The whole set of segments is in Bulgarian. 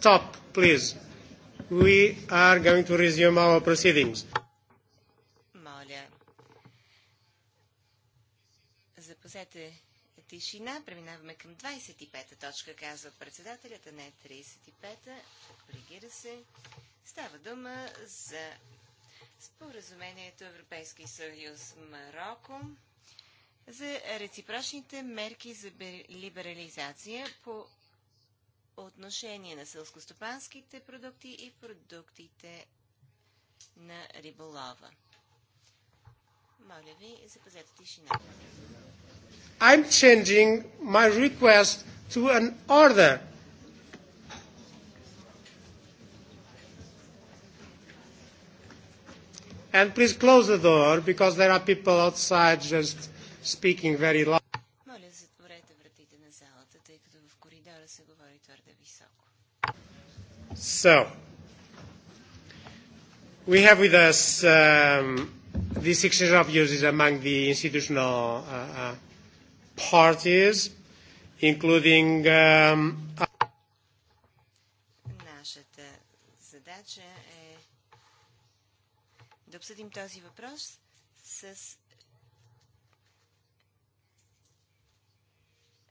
Stop, please. We are going to resume our proceedings. Моля. Запазете тишина. Преминаваме към 25-та точка, казва председателят, а не 35-та. Коригира се. Става дума за споразумението Европейски съюз Марокко за реципрочните мерки за либерализация по отношение на селскостопанските продукти и продуктите на риболова. Моля ви, запазете тишина. I'm changing my request to an order. And please close the door because there are people outside just speaking very loud. So, we have with us um, this exchange of views among the institutional uh, uh, parties, including. Um, Нашата задача е да обсъдим този въпрос с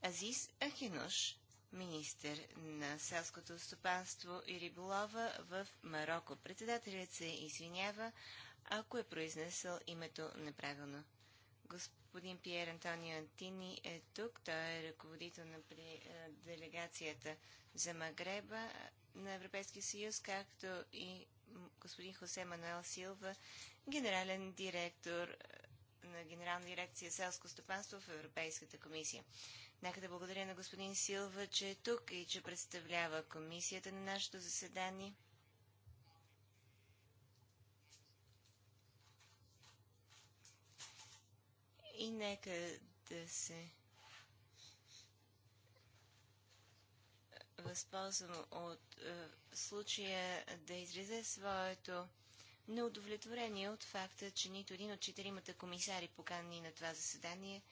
Азиз Ахинош, министър на селското стопанство и риболова в Марокко. Председателят се извинява, ако е произнесъл името неправилно. Господин Пьер Антонио Антини е тук. Той е ръководител на е, делегацията за Магреба на Европейския съюз, както и господин Хосе Мануел Силва, генерален директор е, на Генерална дирекция селско стопанство в Европейската комисия. Нека да благодаря на господин Силва, че е тук и че представлява комисията на нашето заседание. И нека да се възползвам от е, случая да изразя своето неудовлетворение от факта, че нито един от четиримата комисари поканени на това заседание –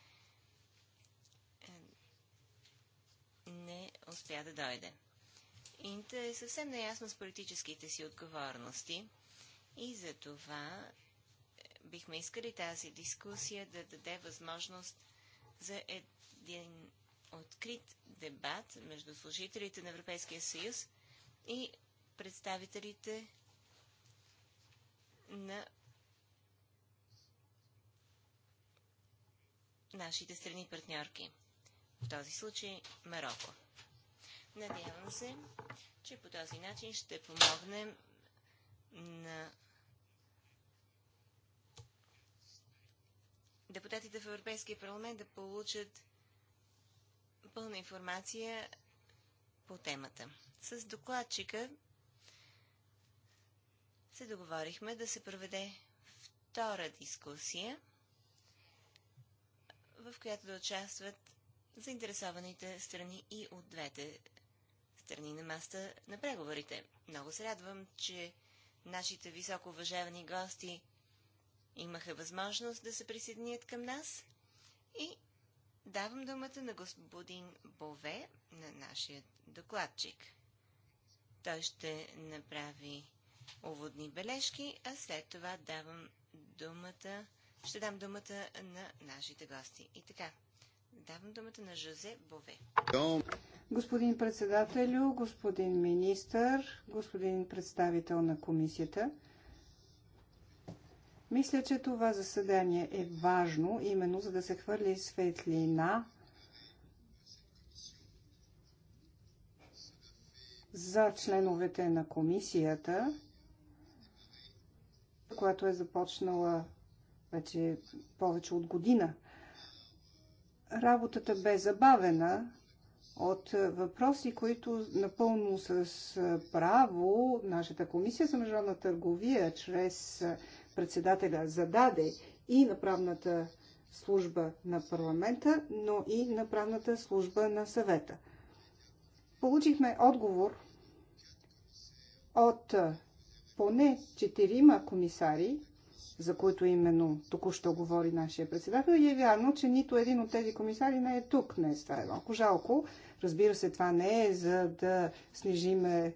не успя да дойде. Инта е съвсем неясно с политическите си отговорности и за това е, бихме искали тази дискусия да даде възможност за един открит дебат между служителите на Европейския съюз и представителите на нашите страни партньорки в този случай Марокко. Надявам се, че по този начин ще помогнем на депутатите в Европейския парламент да получат пълна информация по темата. С докладчика се договорихме да се проведе втора дискусия, в която да участват заинтересованите страни и от двете страни на маста на преговорите. Много се радвам, че нашите високо уважавани гости имаха възможност да се присъединят към нас и давам думата на господин Бове, на нашия докладчик. Той ще направи уводни бележки, а след това давам думата, ще дам думата на нашите гости. И така, Давам думата на Жозе Бове. Господин председателю, господин министър, господин представител на комисията, мисля, че това заседание е важно, именно за да се хвърли светлина за членовете на комисията, която е започнала вече повече от година Работата бе забавена от въпроси, които напълно с право нашата комисия за международна търговия чрез председателя зададе и на правната служба на парламента, но и на правната служба на съвета. Получихме отговор от поне четирима комисари, за които именно току-що говори нашия председател. И е вярно, че нито един от тези комисари не е тук днес. Това е малко жалко. Разбира се, това не е за да снижиме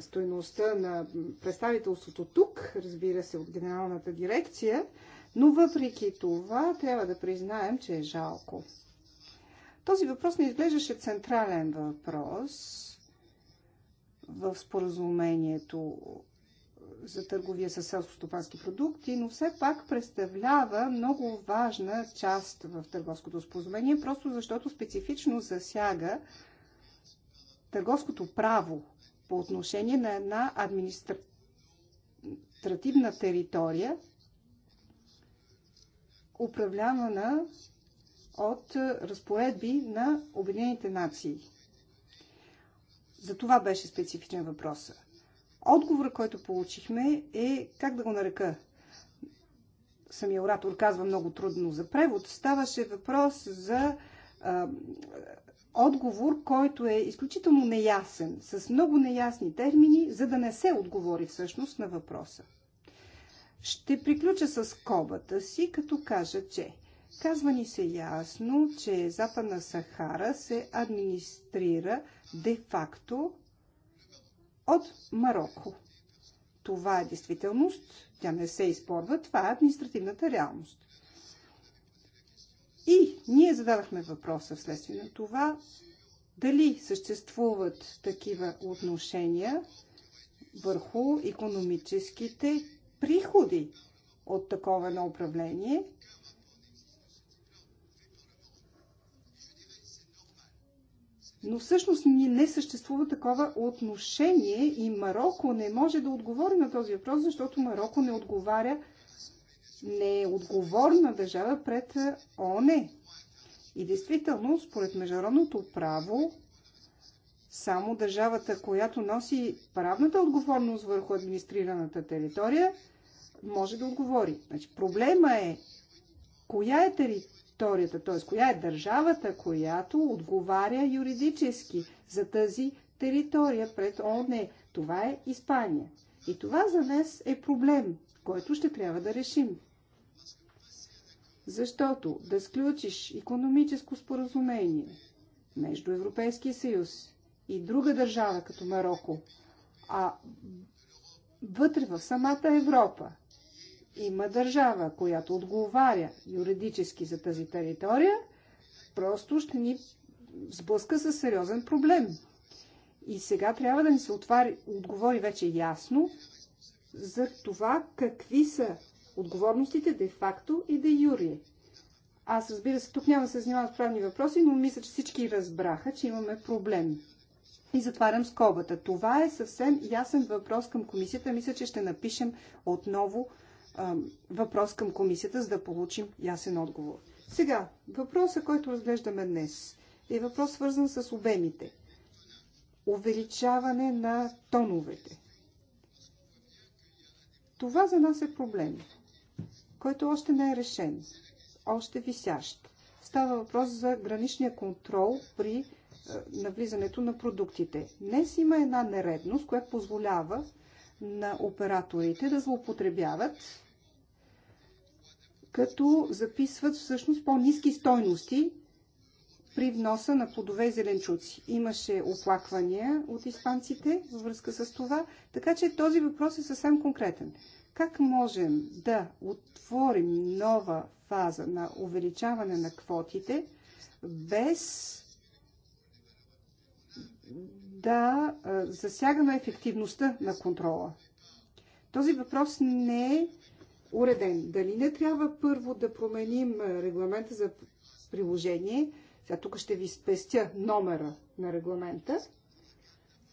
стоеността на представителството тук, разбира се, от генералната дирекция, но въпреки това трябва да признаем, че е жалко. Този въпрос не изглеждаше централен въпрос в споразумението за търговия с селско-стопански продукти, но все пак представлява много важна част в търговското споразумение, просто защото специфично засяга търговското право по отношение на една административна територия, управлявана от разпоредби на Обединените нации. За това беше специфичен въпросът. Отговор, който получихме е, как да го нарека, самия оратор казва много трудно за превод, ставаше въпрос за а, отговор, който е изключително неясен, с много неясни термини, за да не се отговори всъщност на въпроса. Ще приключа с кобата си, като кажа, че казва ни се ясно, че Западна Сахара се администрира де-факто от Марокко. Това е действителност, тя не се изпорва, това е административната реалност. И ние зададахме въпроса вследствие на това, дали съществуват такива отношения върху економическите приходи от такова едно управление – Но всъщност не съществува такова отношение и Марокко не може да отговори на този въпрос, защото Марокко не отговаря, не е отговорна държава пред ОНЕ. И действително, според международното право, само държавата, която носи правната отговорност върху администрираната територия, може да отговори. Значи, проблема е коя е територия територията, т.е. коя е държавата, която отговаря юридически за тази територия пред ООН. Това е Испания. И това за нас е проблем, който ще трябва да решим. Защото да сключиш економическо споразумение между Европейския съюз и друга държава като Марокко, а вътре в самата Европа има държава, която отговаря юридически за тази територия, просто ще ни сблъска с сериозен проблем. И сега трябва да ни се отвари, отговори вече ясно за това какви са отговорностите де-факто и де-юрие. Аз разбира се, тук няма да се занимавам с правни въпроси, но мисля, че всички разбраха, че имаме проблем. И затварям скобата. Това е съвсем ясен въпрос към комисията. Мисля, че ще напишем отново въпрос към комисията, за да получим ясен отговор. Сега, въпросът, който разглеждаме днес, е въпрос свързан с обемите. Увеличаване на тоновете. Това за нас е проблем, който още не е решен, още висящ. Става въпрос за граничния контрол при е, навлизането на продуктите. Днес има една нередност, която позволява на операторите да злоупотребяват като записват всъщност по-низки стойности при вноса на плодове и зеленчуци. Имаше оплаквания от испанците във връзка с това, така че този въпрос е съвсем конкретен. Как можем да отворим нова фаза на увеличаване на квотите без да засягаме ефективността на контрола? Този въпрос не е уреден. Дали не трябва първо да променим регламента за приложение? Сега тук ще ви спестя номера на регламента.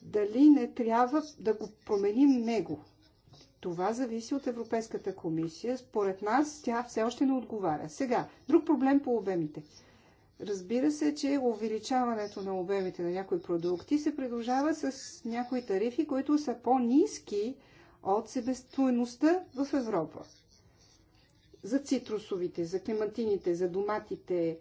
Дали не трябва да го променим него? Това зависи от Европейската комисия. Според нас тя все още не отговаря. Сега, друг проблем по обемите. Разбира се, че увеличаването на обемите на някои продукти се придружава с някои тарифи, които са по-низки от себестойността в Европа за цитрусовите, за клематините, за доматите.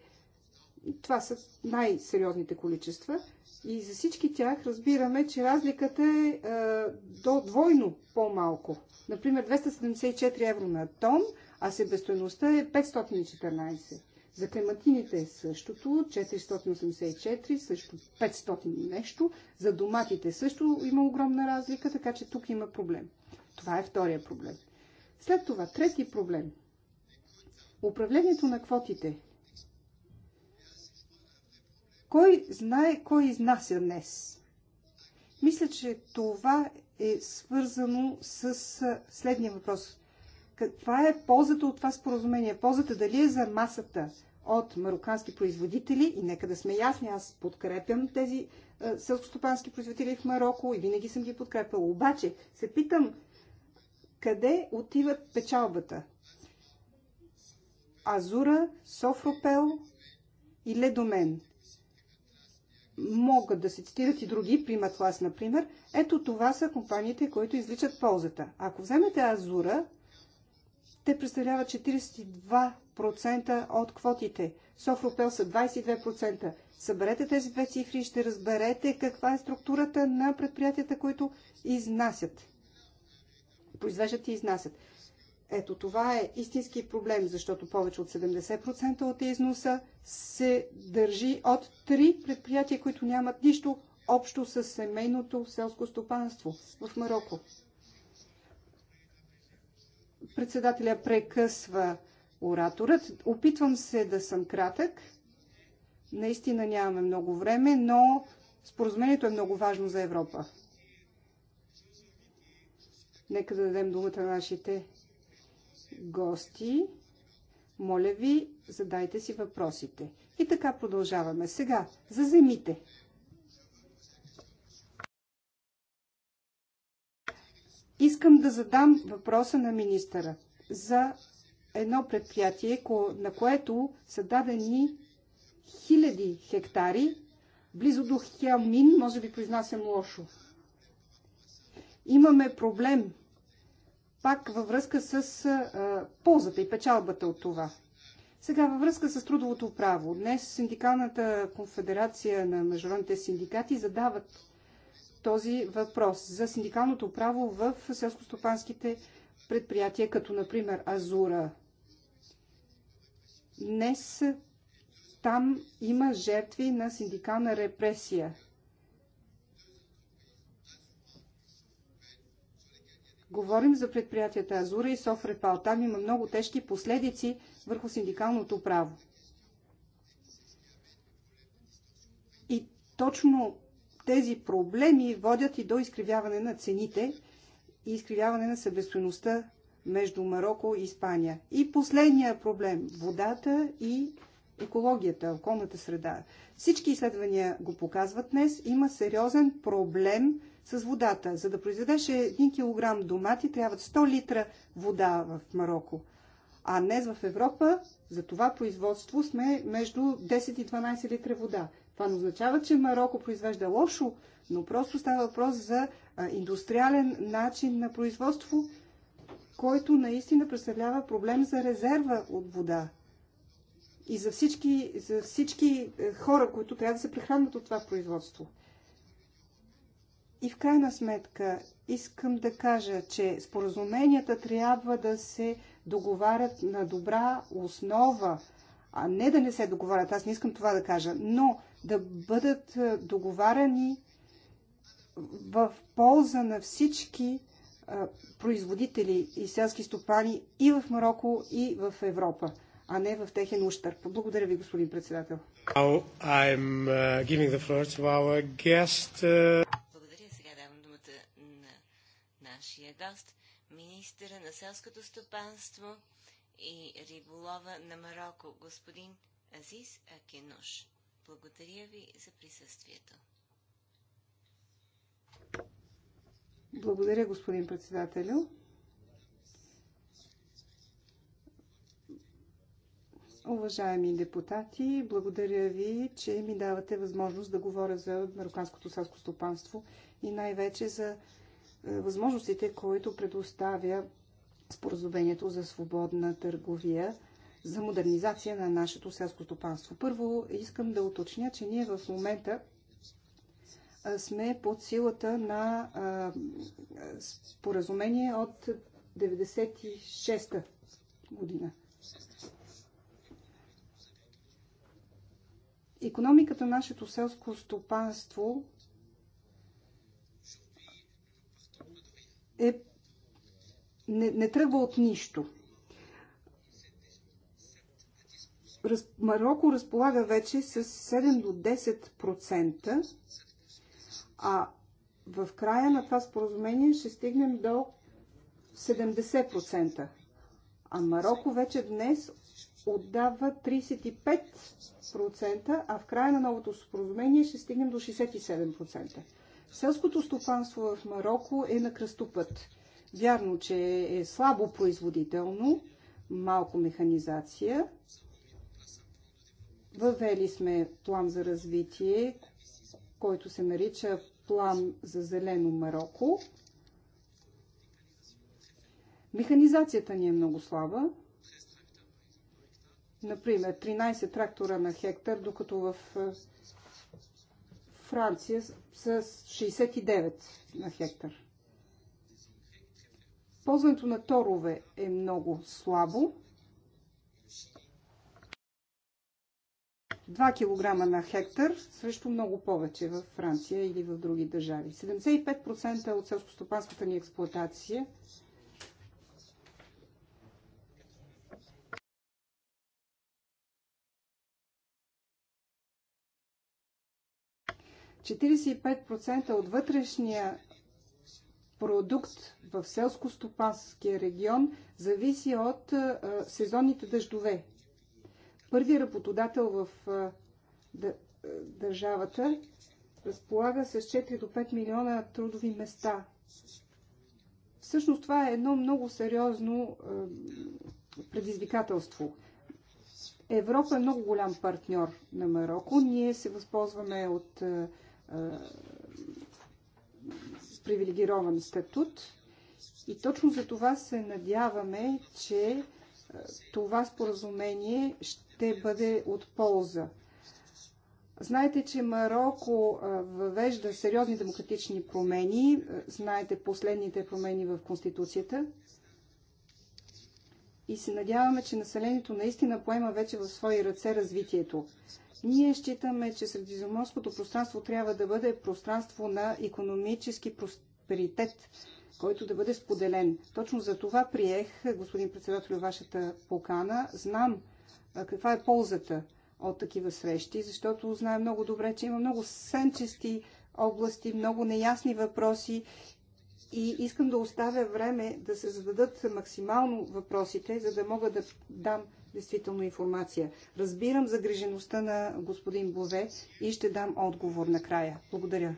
Това са най-сериозните количества. И за всички тях разбираме, че разликата е, е до двойно по-малко. Например, 274 евро на тон, а себестоеността е 514. За клематините е същото, 484, също 500 нещо. За доматите също има огромна разлика, така че тук има проблем. Това е втория проблем. След това, трети проблем. Управлението на квотите. Кой знае кой изнася днес? Мисля, че това е свързано с следния въпрос. Каква е ползата от това споразумение? Ползата дали е за масата от марокански производители? И нека да сме ясни, аз подкрепям тези е, селскостопански производители в Марокко и винаги съм ги подкрепила. Обаче се питам къде отиват печалбата? Азура, Софропел и Ледомен. Могат да се цитират и други, Приматлас, например. Ето това са компаниите, които изличат ползата. Ако вземете Азура, те представляват 42% от квотите. Софропел са 22%. Съберете тези две цифри и ще разберете каква е структурата на предприятията, които изнасят. Произвеждат и изнасят. Ето това е истински проблем, защото повече от 70% от износа се държи от три предприятия, които нямат нищо общо с семейното селско стопанство в Марокко. Председателя прекъсва ораторът. Опитвам се да съм кратък. Наистина нямаме много време, но споразумението е много важно за Европа. Нека да дадем думата на нашите гости. Моля ви, задайте си въпросите. И така продължаваме. Сега, за земите. Искам да задам въпроса на министъра за едно предприятие, на което са дадени хиляди хектари, близо до Хелмин, може би произнасям лошо. Имаме проблем пак във връзка с а, ползата и печалбата от това. Сега във връзка с трудовото право. Днес Синдикалната конфедерация на международните синдикати задават този въпрос за синдикалното право в селскостопанските предприятия, като например Азура. Днес там има жертви на синдикална репресия. Говорим за предприятията Азура и Софрепал. Там има много тежки последици върху синдикалното право. И точно тези проблеми водят и до изкривяване на цените и изкривяване на събествеността между Марокко и Испания. И последния проблем – водата и екологията, околната среда. Всички изследвания го показват днес. Има сериозен проблем – с водата. За да произведеш 1 кг домати, трябват 100 литра вода в Марокко. А днес в Европа за това производство сме между 10 и 12 литра вода. Това не означава, че Марокко произвежда лошо, но просто става въпрос за индустриален начин на производство, който наистина представлява проблем за резерва от вода. И за всички, за всички е, хора, които трябва да се прехранват от това производство. И в крайна сметка искам да кажа, че споразуменията трябва да се договарят на добра основа, а не да не се договарят. Аз не искам това да кажа, но да бъдат е, договарани в полза на всички е, производители и селски стопани и в Марокко, и в Европа, а не в техен ущърп. Благодаря ви, господин председател. Uh, Даст, министъра на селското стопанство и риболова на Марокко, господин Азис Акенуш. Благодаря ви за присъствието. Благодаря, господин председателю. Уважаеми депутати, благодаря ви, че ми давате възможност да говоря за марокканското селско стопанство и най-вече за е, възможностите, които предоставя споразумението за свободна търговия за модернизация на нашето селско стопанство. Първо искам да уточня, че ние в момента сме под силата на споразумение от 96-та година. Економиката на нашето селско стопанство е, не, не тръгва от нищо. Раз, Марокко разполага вече с 7 до 10%, а в края на това споразумение ще стигнем до 70%. А Марокко вече днес отдава 35%, а в края на новото споразумение ще стигнем до 67%. Селското стопанство в Марокко е на кръстопът. Вярно, че е слабо производително, малко механизация. Въвели сме план за развитие, който се нарича план за зелено Марокко. Механизацията ни е много слаба. Например, 13 трактора на хектар, докато в Франция с 69 на хектар. Ползването на торове е много слабо. 2 кг на хектар срещу много повече в Франция или в други държави. 75% от селскостопанската ни експлоатация 45% от вътрешния продукт в селско-стопанския регион зависи от а, сезонните дъждове. Първият работодател в а, държавата разполага с 4 до 5 милиона трудови места. Всъщност това е едно много сериозно а, предизвикателство. Европа е много голям партньор на Марокко. Ние се възползваме от с привилегирован статут. И точно за това се надяваме, че това споразумение ще бъде от полза. Знаете, че Марокко въвежда сериозни демократични промени. Знаете последните промени в Конституцията. И се надяваме, че населението наистина поема вече в свои ръце развитието. Ние считаме, че средиземноморското пространство трябва да бъде пространство на економически просперитет, който да бъде споделен. Точно за това приех, господин председател, вашата покана. Знам каква е ползата от такива срещи, защото знае много добре, че има много сенчести области, много неясни въпроси и искам да оставя време да се зададат максимално въпросите, за да мога да дам действително информация. Разбирам загрижеността на господин Бове и ще дам отговор накрая. Благодаря.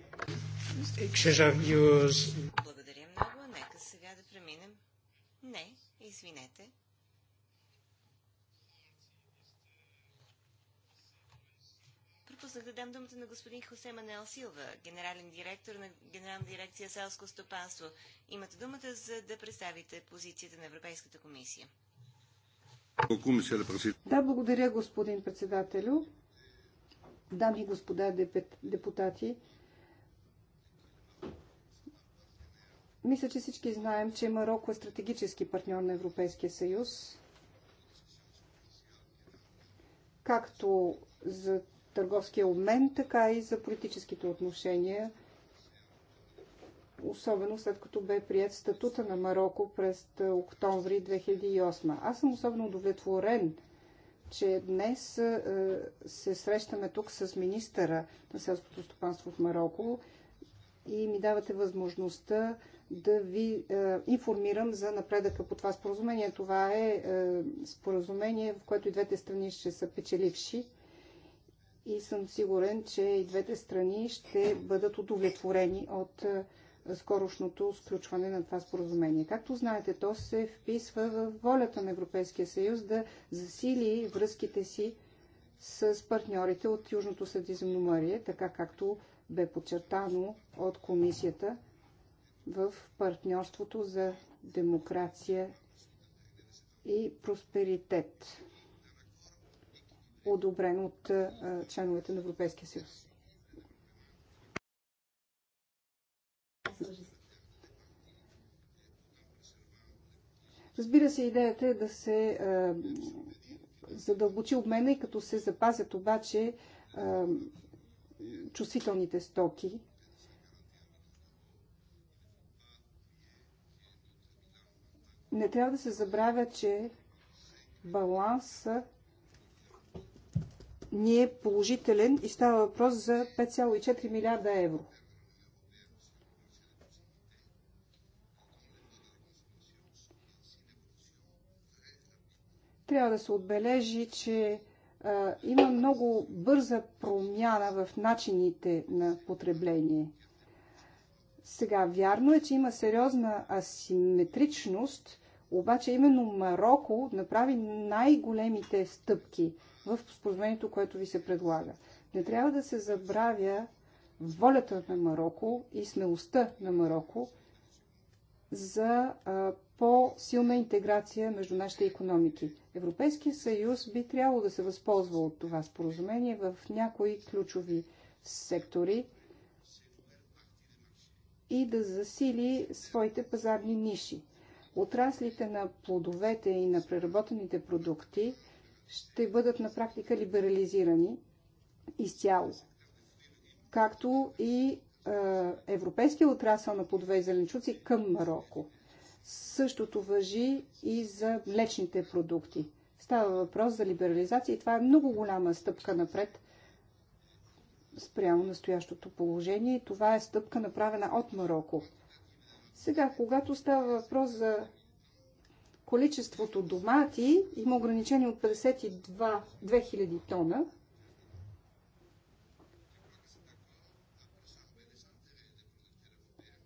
Благодаря много. Нека сега да преминем. Не, извинете. пропуснах да дам думата на господин Хосе Манел Силва, генерален директор на Генерална дирекция селско стопанство. Имате думата, за да представите позицията на Европейската комисия. Да, благодаря, господин председателю. Дами и господа депутати, мисля, че всички знаем, че Марокко е стратегически партньор на Европейския съюз, както за търговския обмен, така и за политическите отношения, особено след като бе прият статута на Марокко през е, октомври 2008. Аз съм особено удовлетворен, че днес е, се срещаме тук с министъра на селското стопанство в Марокко и ми давате възможността да ви е, информирам за напредъка по това споразумение. Това е, е споразумение, в което и двете страни ще са печеливши и съм сигурен, че и двете страни ще бъдат удовлетворени от е, скорошното сключване на това споразумение. Както знаете, то се вписва в волята на Европейския съюз да засили връзките си с партньорите от Южното Средиземноморие, така както бе подчертано от комисията в партньорството за демокрация и просперитет одобрен от членовете на Европейския съюз. Разбира се, идеята е да се задълбочи обмена и като се запазят обаче чувствителните стоки. Не трябва да се забравя, че баланса ни е положителен и става въпрос за 5,4 милиарда евро. Трябва да се отбележи, че а, има много бърза промяна в начините на потребление. Сега, вярно е, че има сериозна асиметричност, обаче именно Марокко направи най-големите стъпки – в споразумението, което ви се предлага. Не трябва да се забравя волята на Марокко и смелостта на Марокко за по-силна интеграция между нашите економики. Европейския съюз би трябвало да се възползва от това споразумение в някои ключови сектори и да засили своите пазарни ниши. Отраслите на плодовете и на преработените продукти – ще бъдат на практика либерализирани изцяло. Както и е, европейския отрасъл на и зеленчуци към Марокко. Същото въжи и за млечните продукти. Става въпрос за либерализация и това е много голяма стъпка напред спрямо настоящото положение. Това е стъпка направена от Марокко. Сега, когато става въпрос за количеството домати има ограничение от 52 2000 тона.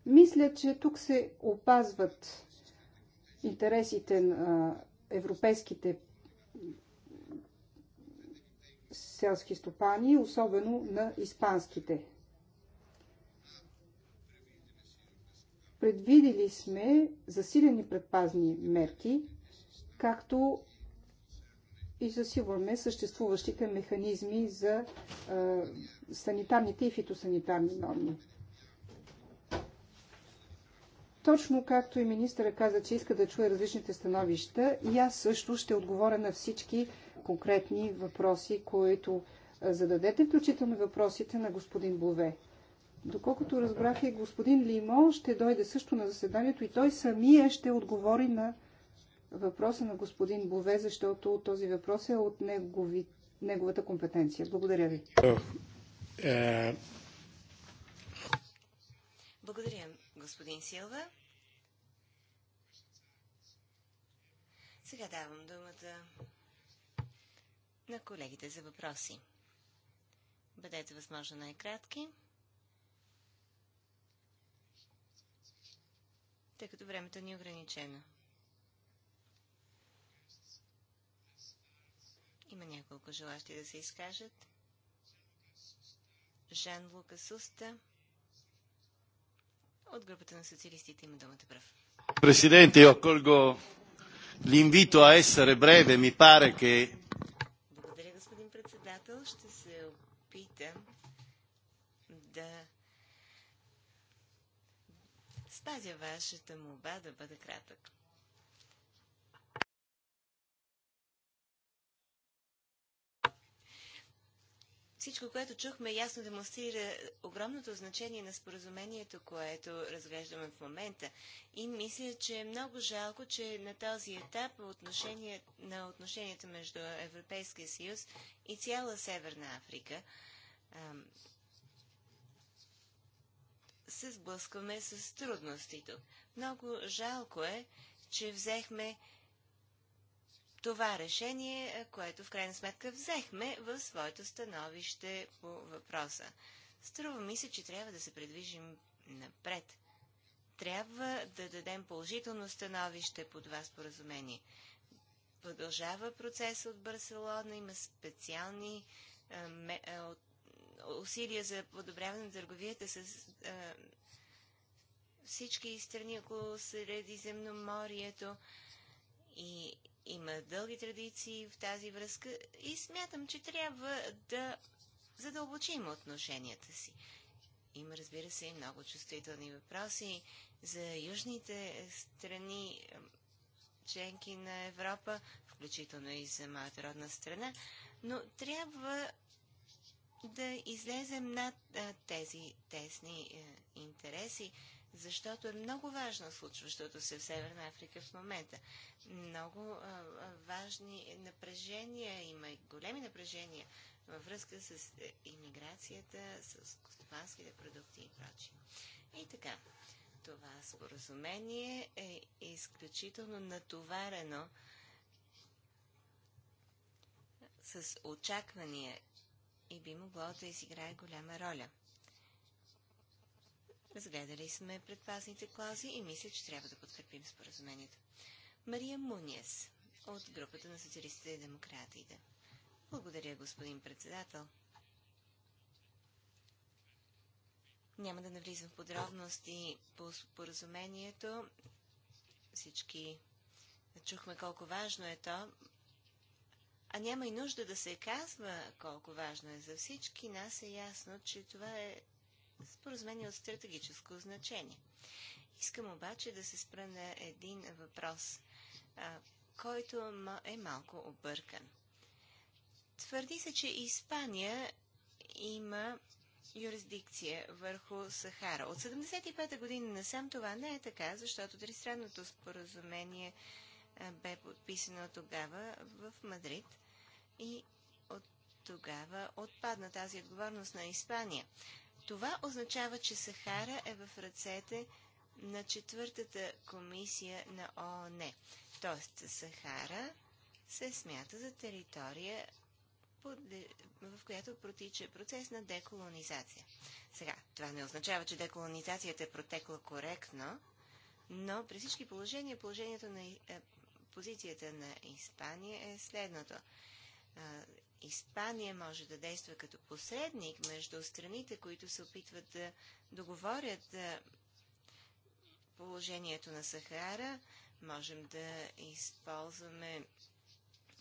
Мисля, че тук се опазват интересите на европейските селски стопани, особено на испанските Предвидели сме засилени предпазни мерки, както и засилваме съществуващите механизми за а, санитарните и фитосанитарни норми. Точно както и министъра каза, че иска да чуе различните становища, и аз също ще отговоря на всички конкретни въпроси, които зададете, включително въпросите на господин Бове. Доколкото разбрах и господин Лимо ще дойде също на заседанието и той самия ще отговори на въпроса на господин Бове, защото този въпрос е от негови, неговата компетенция. Благодаря ви. Благодаря, господин Силва. Сега давам думата на колегите за въпроси. Бъдете възможно най-кратки. тъй като времето ни е ограничено. Има няколко желащи да се изкажат. Жан Лука Суста от групата на социалистите има думата прав. Президенте, я колго l'invito a essere breve, mi pare che... Благодаря, господин председател. Ще се опитам да спазя вашата молба да бъда кратък. Всичко, което чухме, ясно демонстрира огромното значение на споразумението, което разглеждаме в момента. И мисля, че е много жалко, че на този етап отношение, на отношенията между Европейския съюз и цяла Северна Африка се сблъскваме с трудности Много жалко е, че взехме това решение, което в крайна сметка взехме в своето становище по въпроса. Струва ми се, че трябва да се предвижим напред. Трябва да дадем положително становище по това споразумение. Продължава процес от Барселона, има специални а, от усилия за подобряване на търговията с а, всички страни около Средиземноморието и има дълги традиции в тази връзка и смятам, че трябва да задълбочим отношенията си. Има, разбира се, и много чувствителни въпроси за южните страни, членки на Европа, включително и за моята родна страна, но трябва да излезем над а, тези тесни а, е, интереси, защото е много важно случващото се в Северна Африка в момента. Много а, важни напрежения, има и големи напрежения във връзка с е, иммиграцията, с костопанските продукти и прочие. И така, това споразумение е изключително натоварено с очаквания и би могло да изиграе голяма роля. Разгледали сме предпазните клаузи и мисля, че трябва да подкрепим споразумението. Мария Муниес от групата на социалистите и демократите. Благодаря, господин председател. Няма да навлизам в подробности по споразумението. Всички чухме колко важно е то. А няма и нужда да се казва колко важно е за всички. Нас е ясно, че това е споразумение от стратегическо значение. Искам обаче да се спра на един въпрос, а, който е малко объркан. Твърди се, че Испания има юрисдикция върху Сахара. От 75-та година насам това не е така, защото тристранното споразумение бе подписано тогава в Мадрид и от тогава отпадна тази отговорност на Испания. Това означава, че Сахара е в ръцете на четвъртата комисия на ООН. Тоест Сахара се смята за територия, в която протича процес на деколонизация. Сега, това не означава, че деколонизацията е протекла коректно, но при всички положения положението на е, позицията на Испания е следното. Испания може да действа като посредник между страните, които се опитват да договорят положението на Сахара. Можем да използваме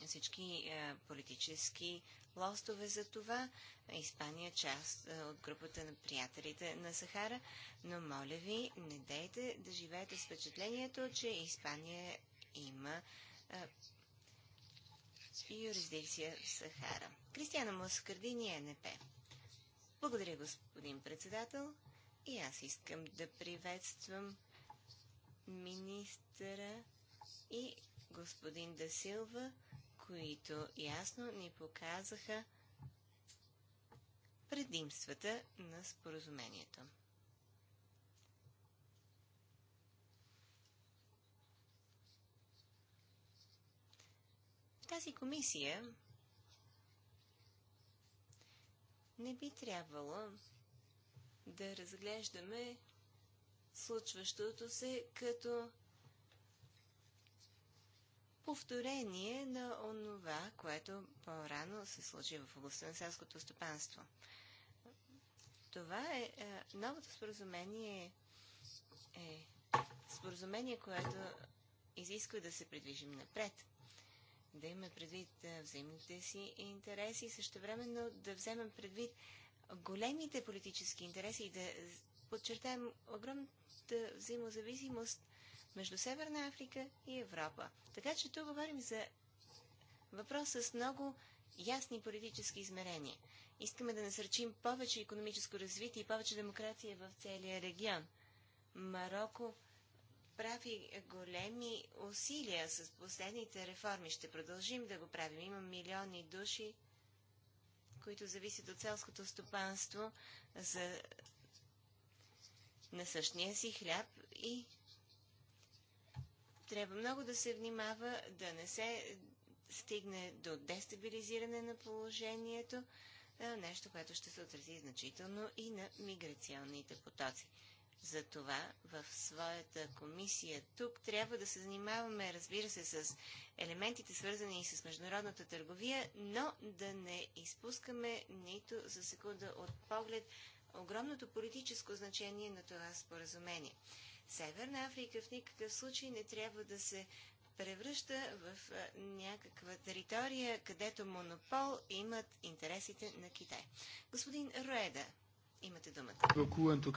всички политически лостове за това. Испания е част от групата на приятелите на Сахара, но моля ви, не дейте да живеете с впечатлението, че Испания е има а, юрисдикция в Сахара. Кристиана Маскардини, е НП. Благодаря, господин председател. И аз искам да приветствам министъра и господин Дасилва, които ясно ни показаха предимствата на споразумението. Тази комисия не би трябвало да разглеждаме случващото се като повторение на онова, което по-рано се случи в областта на селското стопанство. Това е, е новото споразумение е споразумение, което изисква да се придвижим напред да имаме предвид е, взаимните си интереси и също времено да вземем предвид големите политически интереси и да подчертаем огромната взаимозависимост между Северна Африка и Европа. Така че тук говорим за въпрос с много ясни политически измерения. Искаме да насърчим повече економическо развитие и повече демокрация в целия регион. Марокко прави големи усилия с последните реформи. Ще продължим да го правим. Има милиони души, които зависят от селското стопанство за насъщния си хляб и трябва много да се внимава да не се стигне до дестабилизиране на положението, нещо, което ще се отрази значително и на миграционните потоци. Затова в своята комисия тук трябва да се занимаваме, разбира се, с елементите свързани и с международната търговия, но да не изпускаме нито за секунда от поглед огромното политическо значение на това споразумение. Северна Африка в никакъв случай не трябва да се превръща в някаква територия, където монопол имат интересите на Китай. Господин Роеда Имате думата.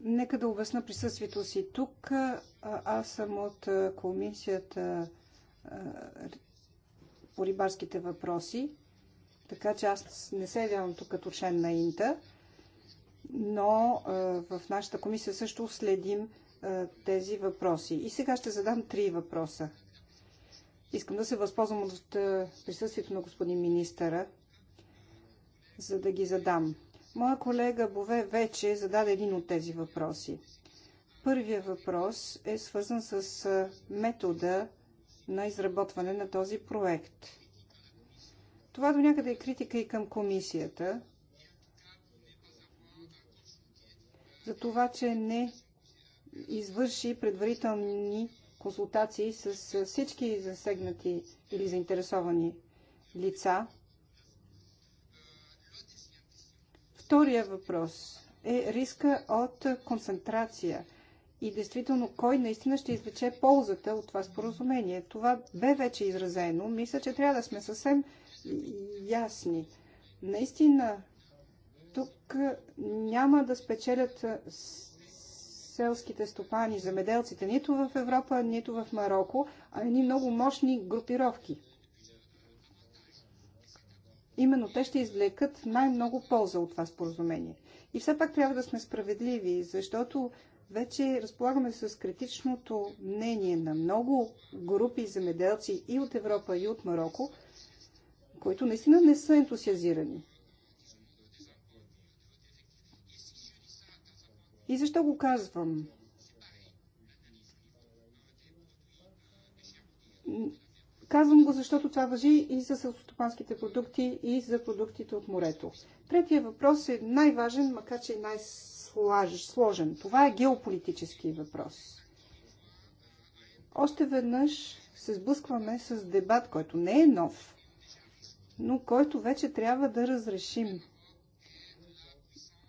Нека да обясна присъствието си тук. Аз съм от комисията по рибарските въпроси, така че аз не се явявам тук като член на Инта, но в нашата комисия също следим тези въпроси. И сега ще задам три въпроса. Искам да се възползвам от е, присъствието на господин министъра, за да ги задам. Моя колега Бове вече зададе един от тези въпроси. Първият въпрос е свързан с е, метода на изработване на този проект. Това до някъде е критика и към комисията, за това, че не извърши предварителни консултации с всички засегнати или заинтересовани лица. Втория въпрос е риска от концентрация и действително кой наистина ще извлече ползата от това споразумение. Това бе вече изразено. Мисля, че трябва да сме съвсем ясни. Наистина, тук няма да спечелят селските стопани, земеделците, нито в Европа, нито в Марокко, а едни много мощни групировки. Именно те ще извлекат най-много полза от това споразумение. И все пак трябва да сме справедливи, защото вече разполагаме с критичното мнение на много групи земеделци и от Европа, и от Марокко, които наистина не са ентусиазирани. И защо го казвам? Казвам го, защото това въжи и за селстопанските продукти, и за продуктите от морето. Третия въпрос е най-важен, макар че и е най-сложен. Това е геополитически въпрос. Още веднъж се сблъскваме с дебат, който не е нов, но който вече трябва да разрешим.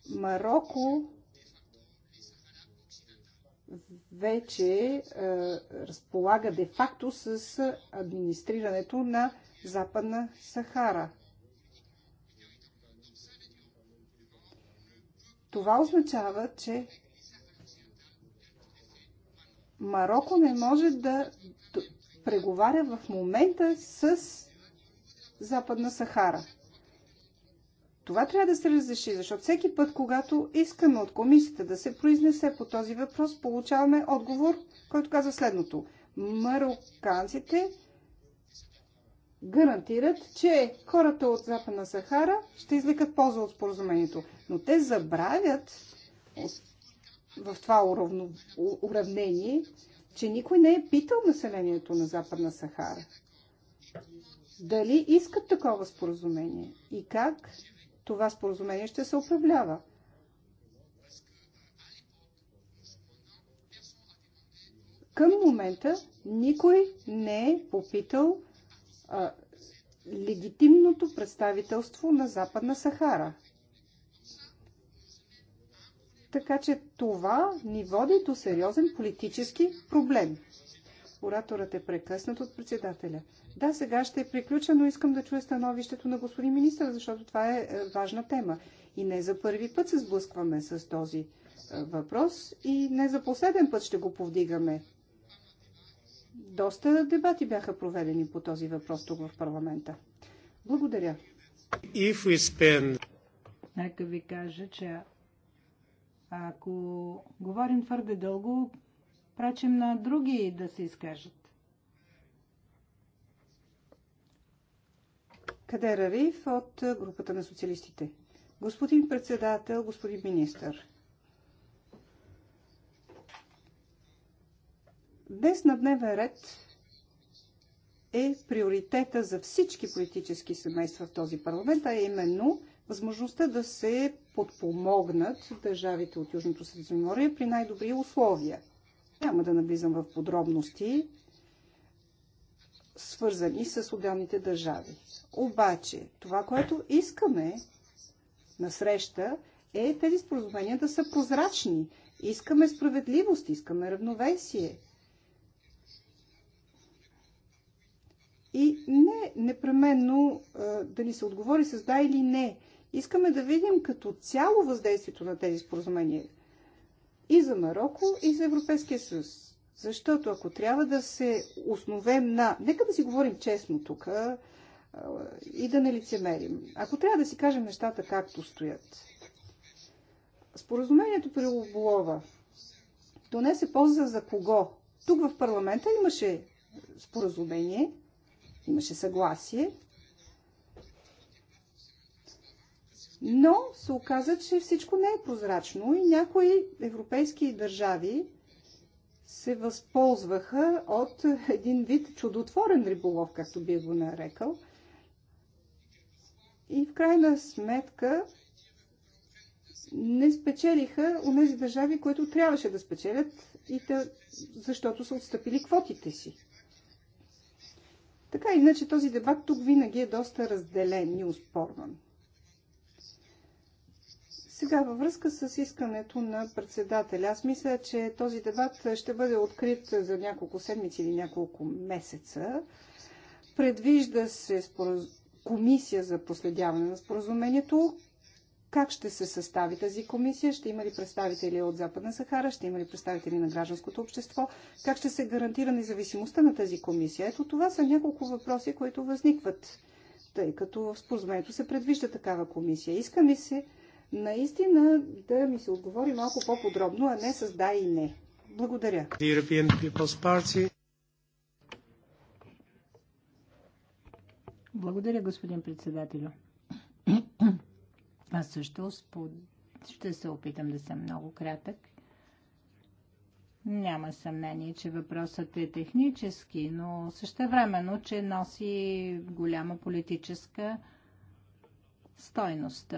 Марокко вече е, разполага де-факто с администрирането на Западна Сахара. Това означава, че Марокко не може да преговаря в момента с Западна Сахара. Това трябва да се разреши, защото всеки път, когато искаме от комисията да се произнесе по този въпрос, получаваме отговор, който казва следното. Марокканците гарантират, че хората от Западна Сахара ще извлекат полза от споразумението. Но те забравят в това уравно, уравнение, че никой не е питал населението на Западна Сахара. Дали искат такова споразумение и как това споразумение ще се управлява. Към момента никой не е попитал а, легитимното представителство на Западна Сахара. Така че това ни води до сериозен политически проблем. Ораторът е прекъснат от председателя. Да, сега ще приключа, но искам да чуя становището на господин министър, защото това е, е важна тема. И не за първи път се сблъскваме с този е, въпрос и не за последен път ще го повдигаме. Доста дебати бяха проведени по този въпрос тук в парламента. Благодаря. If we spend... Нека ви кажа, че ако говорим твърде дълго, пречим на други да се изкажат. Кадер Ариф от групата на социалистите. Господин председател, господин министър. Днес на дневен ред е приоритета за всички политически семейства в този парламент, а именно възможността да се подпомогнат държавите от Южното Средиземноморие при най-добри условия. Няма да навлизам в подробности, свързани с отделните държави. Обаче, това, което искаме на среща, е тези споразумения да са прозрачни. Искаме справедливост, искаме равновесие. И не непременно да ни се отговори с да или не. Искаме да видим като цяло въздействието на тези споразумения и за Марокко, и за Европейския съюз. Защото ако трябва да се основем на... Нека да си говорим честно тук и да не лицемерим. Ако трябва да си кажем нещата както стоят. Споразумението при Оболова донесе полза за кого? Тук в парламента имаше споразумение, имаше съгласие, но се оказа, че всичко не е прозрачно и някои европейски държави се възползваха от един вид чудотворен риболов, както би го нарекал. И в крайна сметка не спечелиха у държави, които трябваше да спечелят, и те, защото са отстъпили квотите си. Така иначе този дебат тук винаги е доста разделен и успорван. Сега във връзка с искането на председателя, аз мисля, че този дебат ще бъде открит за няколко седмици или няколко месеца. Предвижда се спораз... комисия за проследяване на споразумението. Как ще се състави тази комисия? Ще има ли представители от Западна Сахара? Ще има ли представители на гражданското общество? Как ще се гарантира независимостта на тази комисия? Ето това са няколко въпроси, които възникват, тъй като в споразумението се предвижда такава комисия. Иска ми се наистина да ми се отговори малко по-подробно, а не с да и не. Благодаря. Благодаря, господин председателю. Аз също спод... ще се опитам да съм много кратък. Няма съмнение, че въпросът е технически, но същевременно, че носи голяма политическа стойност.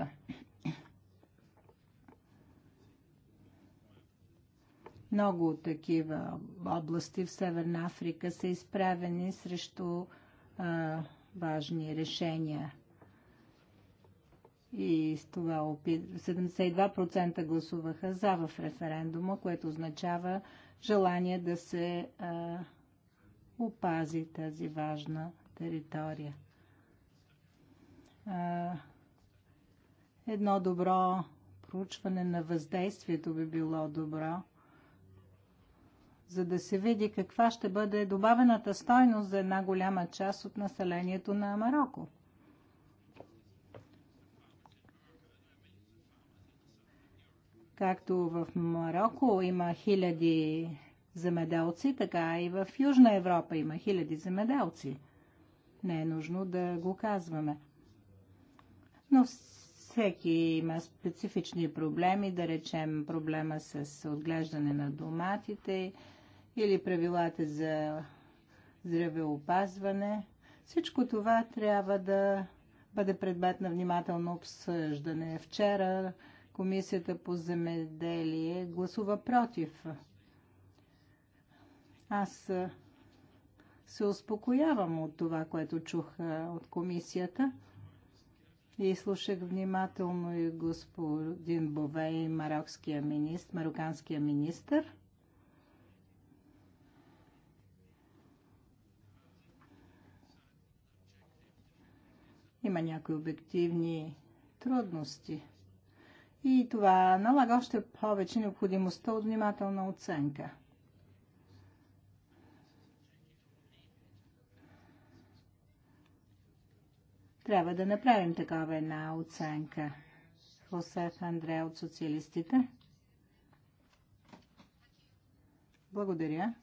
Много такива области в Северна Африка са изправени срещу а, важни решения. И с това 72% гласуваха за в референдума, което означава желание да се а, опази тази важна територия. А, едно добро проучване на въздействието би било добро за да се види каква ще бъде добавената стойност за една голяма част от населението на Марокко. Както в Марокко има хиляди земеделци, така и в Южна Европа има хиляди земеделци. Не е нужно да го казваме. Но всеки има специфични проблеми, да речем проблема с отглеждане на доматите, или правилата за здравеопазване. Всичко това трябва да бъде предмет на внимателно обсъждане. Вчера Комисията по земеделие гласува против. Аз се успокоявам от това, което чух от комисията. И слушах внимателно и господин Бове и марокския министр, мароканския министр. Има някои обективни трудности. И това налага още повече необходимостта от внимателна оценка. Трябва да направим такава една оценка. Хосеф Андре от социалистите. Благодаря.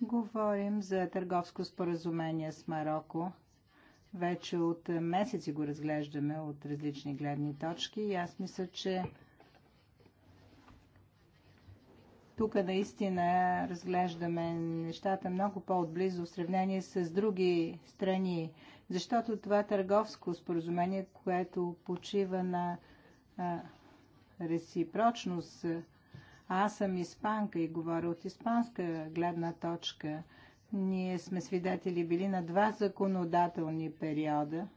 Говорим за търговско споразумение с Марокко – вече от месеци го разглеждаме от различни гледни точки и аз мисля, че тук наистина разглеждаме нещата много по-отблизо в сравнение с други страни, защото това търговско споразумение, което почива на а, реципрочност, аз съм испанка и говоря от испанска гледна точка – ние сме свидетели били на два законодателни периода,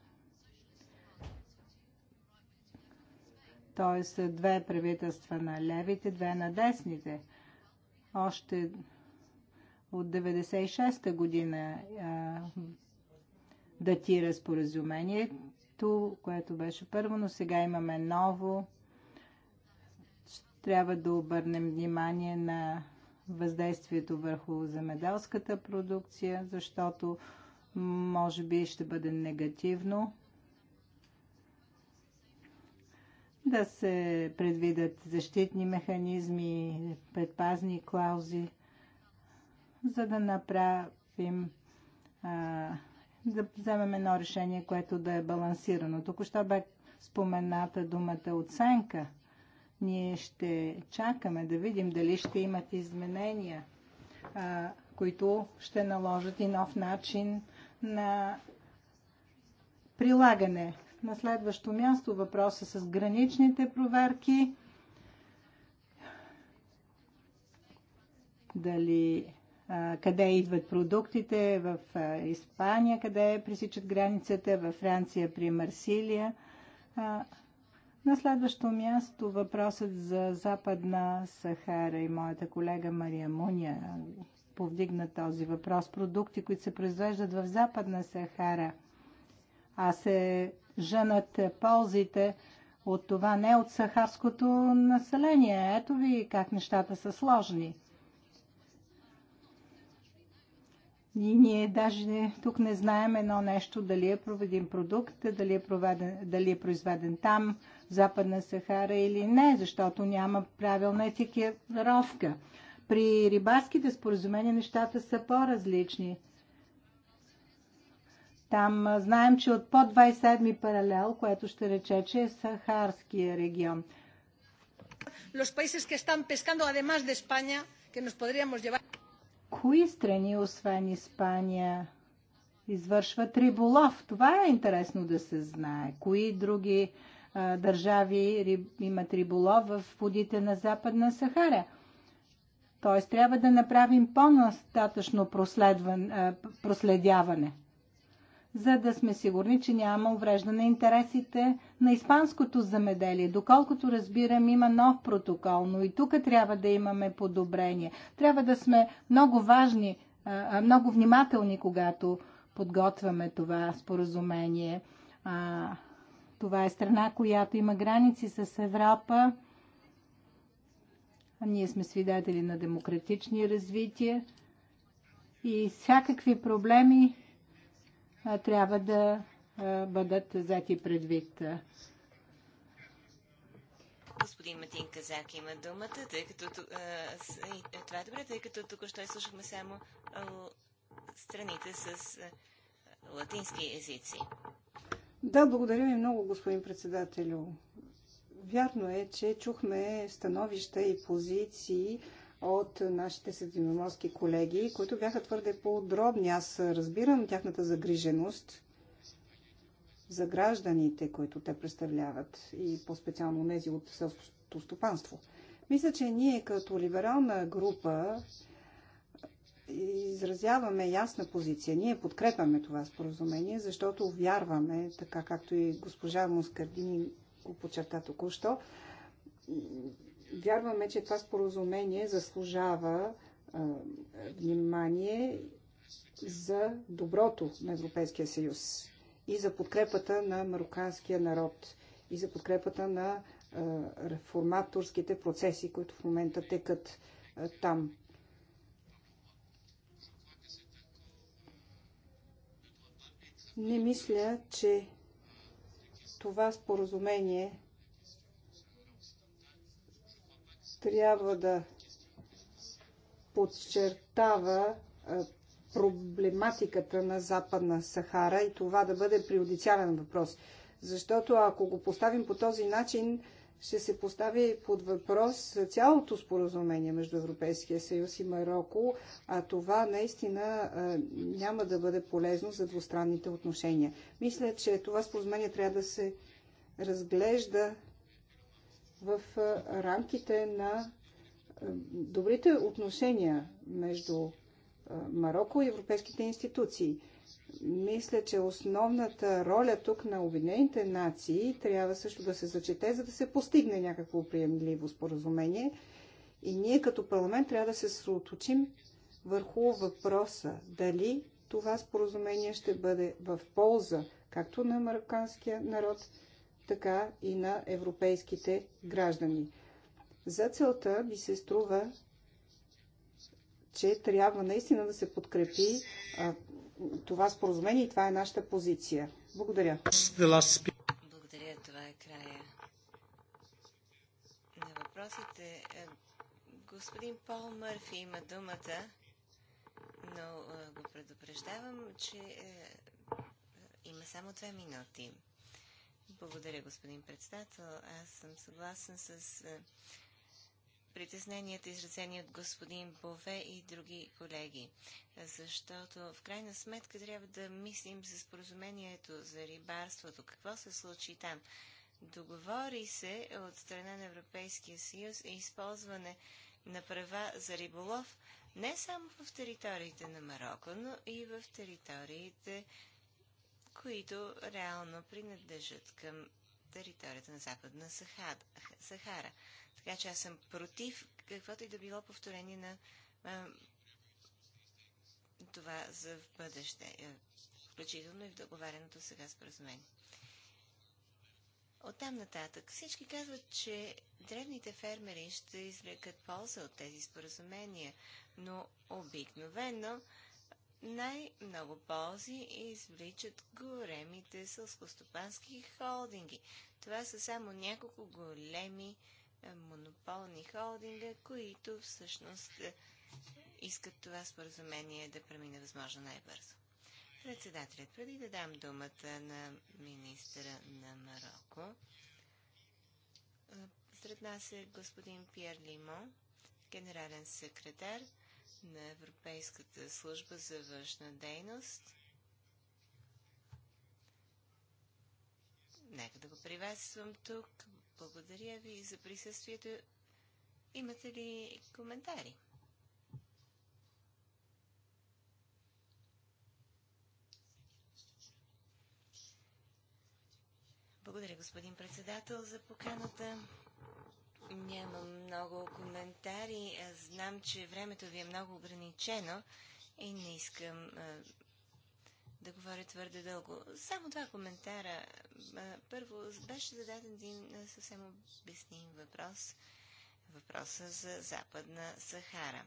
т.е. две правителства на левите, две на десните. Още от 96-та година а, датира споразумението, което беше първо, но сега имаме ново. Трябва да обърнем внимание на въздействието върху земеделската продукция, защото може би ще бъде негативно. Да се предвидят защитни механизми, предпазни клаузи, за да направим, да вземем едно решение, което да е балансирано. Току-що бе спомената думата оценка – ние ще чакаме да видим дали ще имат изменения, а, които ще наложат и нов начин на прилагане. На следващо място въпроса с граничните проверки. Дали къде идват продуктите, в Испания, къде пресичат границата, във Франция при Марсилия. На следващо място въпросът за Западна Сахара и моята колега Мария Муния повдигна този въпрос. Продукти, които се произвеждат в Западна Сахара, а се женат ползите от това не от сахарското население. Ето ви как нещата са сложни. И ние даже тук не знаем едно нещо, дали е проведен продукт, дали е, проведен, дали е произведен там, Западна Сахара или не, защото няма правилна етикировка. При рибарските споразумения нещата са по-различни. Там знаем, че от по 27 ми паралел, което ще рече, че е Сахарския регион. Los países que están pescando, además de España, que nos podríamos llevar... Кои страни, освен Испания, извършват риболов? Това е интересно да се знае. Кои други държави имат риболов в водите на Западна Сахара. Т.е. трябва да направим по-настатъчно проследяване, за да сме сигурни, че няма увреждане на интересите на испанското замеделие. Доколкото разбирам, има нов протокол, но и тук трябва да имаме подобрение. Трябва да сме много важни, много внимателни, когато подготвяме това споразумение. Това е страна, която има граници с Европа. А ние сме свидетели на демократични развития и всякакви проблеми а, трябва да а, бъдат взети предвид. Господин Матин Казак има думата, тъй като а, е, това е добре, тъй като току-що изслушахме само страните с латински езици. Да, благодаря ви много, господин председателю. Вярно е, че чухме становища и позиции от нашите средиземноморски колеги, които бяха твърде подробни. Аз разбирам тяхната загриженост за гражданите, които те представляват и по-специално тези от селското стопанство. Мисля, че ние като либерална група изразяваме ясна позиция. Ние подкрепяме това споразумение, защото вярваме, така както и госпожа Мускардини го подчерта току-що, вярваме, че това споразумение заслужава а, внимание за доброто на Европейския съюз и за подкрепата на марокканския народ и за подкрепата на а, реформаторските процеси, които в момента текат а, там. Не мисля, че това споразумение трябва да подчертава проблематиката на Западна Сахара и това да бъде приоритетен въпрос. Защото ако го поставим по този начин, ще се постави под въпрос цялото споразумение между Европейския съюз и Марокко, а това наистина няма да бъде полезно за двустранните отношения. Мисля, че това споразумение трябва да се разглежда в рамките на добрите отношения между Марокко и европейските институции. Мисля, че основната роля тук на Обединените нации трябва също да се зачете, за да се постигне някакво приемливо споразумение. И ние като парламент трябва да се съоточим върху въпроса дали това споразумение ще бъде в полза както на марокканския народ, така и на европейските граждани. За целта ми се струва, че трябва наистина да се подкрепи а, това споразумение и това е нашата позиция. Благодаря. Благодаря, това е края на въпросите. Е, господин Пол Мърфи има думата, но е, го предупреждавам, че е, има само две минути. Благодаря, господин председател. Аз съм съгласен с притесненията, изразени от господин Бове и други колеги. Защото в крайна сметка трябва да мислим за споразумението за рибарството. Какво се случи там? Договори се от страна на Европейския съюз и използване на права за риболов не само в териториите на Марокко, но и в териториите, които реално принадлежат към територията на Западна Сахара. Така че аз съм против каквото и да било повторение на а, това за в бъдеще, включително и в договареното сега споразумение. Оттам нататък всички казват, че древните фермери ще извлекат полза от тези споразумения, но обикновено най-много ползи извличат големите сълскостопански холдинги. Това са само няколко големи е, монополни холдинга, които всъщност е, искат това споразумение да премине възможно най-бързо. Председателят, преди да дам думата на министра на Марокко, е, сред нас е господин Пьер Лимон, генерален секретар на Европейската служба за външна дейност. Нека да го приветствам тук. Благодаря ви за присъствието. Имате ли коментари? Благодаря, господин председател, за поканата. Нямам много коментари. Аз знам, че времето ви е много ограничено и не искам да говоря твърде дълго. Само два коментара. Първо, беше зададен един съвсем обясним въпрос. Въпроса за Западна Сахара.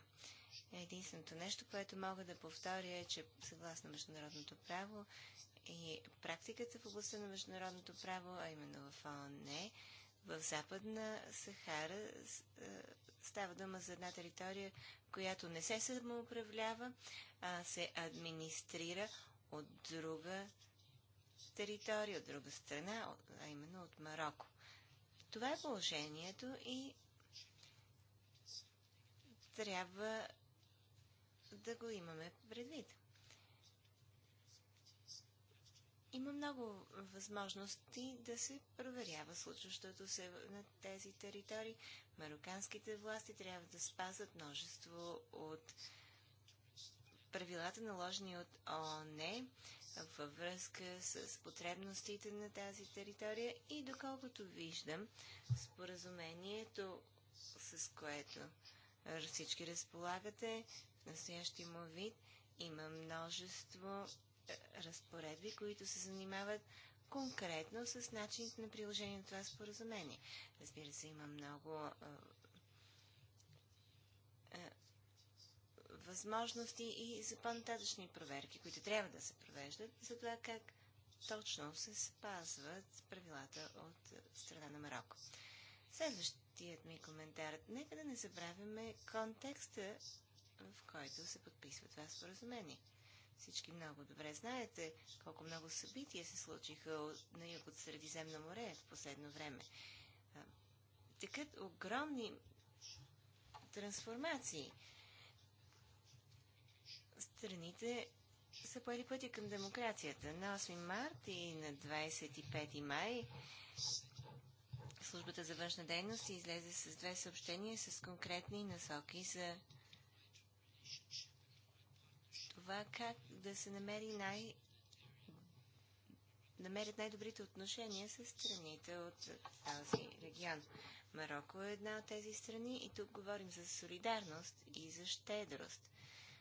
Единственото нещо, което мога да повторя е, че съгласно международното право и практиката в областта на международното право, а именно в ООН, в Западна Сахара става дума за една територия, която не се самоуправлява, а се администрира от друга територия, от друга страна, а именно от Марокко. Това е положението и трябва да го имаме предвид. Има много възможности да се проверява случващото се на тези територии. Мароканските власти трябва да спазват множество от правилата, наложени от ООН във връзка с потребностите на тази територия и доколкото виждам споразумението, с което всички разполагате в настоящия му вид, има множество е, разпоредби, които се занимават конкретно с начините на приложение на това споразумение. Разбира се, има много е, възможности и за по-нататъчни проверки, които трябва да се провеждат, за това как точно се спазват правилата от страна на Марокко. Следващият ми коментар. Нека да не забравяме контекста, в който се подписва това споразумение. Всички много добре знаете колко много събития се случиха на юг от Средиземно море в последно време. Текат огромни трансформации страните са поели пъти към демокрацията. На 8 март и на 25 май Службата за външна дейност излезе с две съобщения с конкретни насоки за това как да се намери най... намерят най-добрите отношения с страните от този регион. Марокко е една от тези страни и тук говорим за солидарност и за щедрост.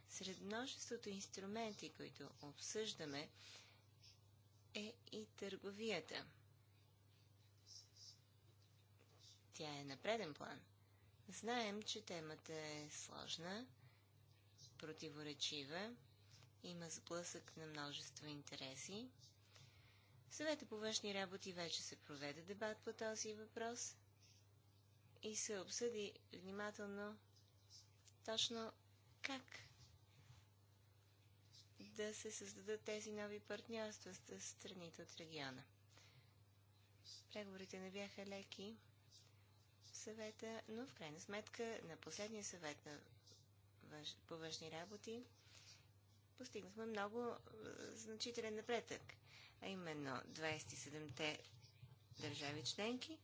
Сред множеството инструменти, които обсъждаме, е и търговията. Тя е на преден план. Знаем, че темата е сложна, противоречива, има сблъсък на множество интереси. В съвета по външни работи вече се проведе дебат по този въпрос и се обсъди внимателно точно как да се създадат тези нови партньорства с страните от региона. Преговорите не бяха леки в съвета, но в крайна сметка на последния съвет на въж... по външни работи постигнахме много значителен напредък, а именно 27-те държави членки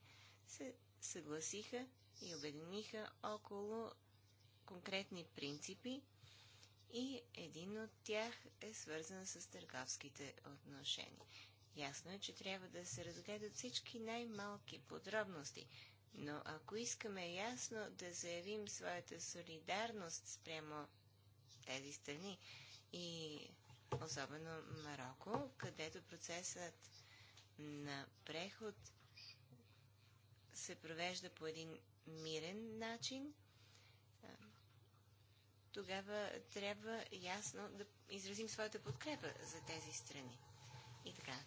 се съгласиха и обединиха около конкретни принципи, и един от тях е свързан с търговските отношения. Ясно е, че трябва да се разгледат всички най-малки подробности, но ако искаме ясно да заявим своята солидарност спрямо тези страни и особено Марокко, където процесът на преход се провежда по един мирен начин, тогава трябва ясно да изразим своята подкрепа за тези страни. И така,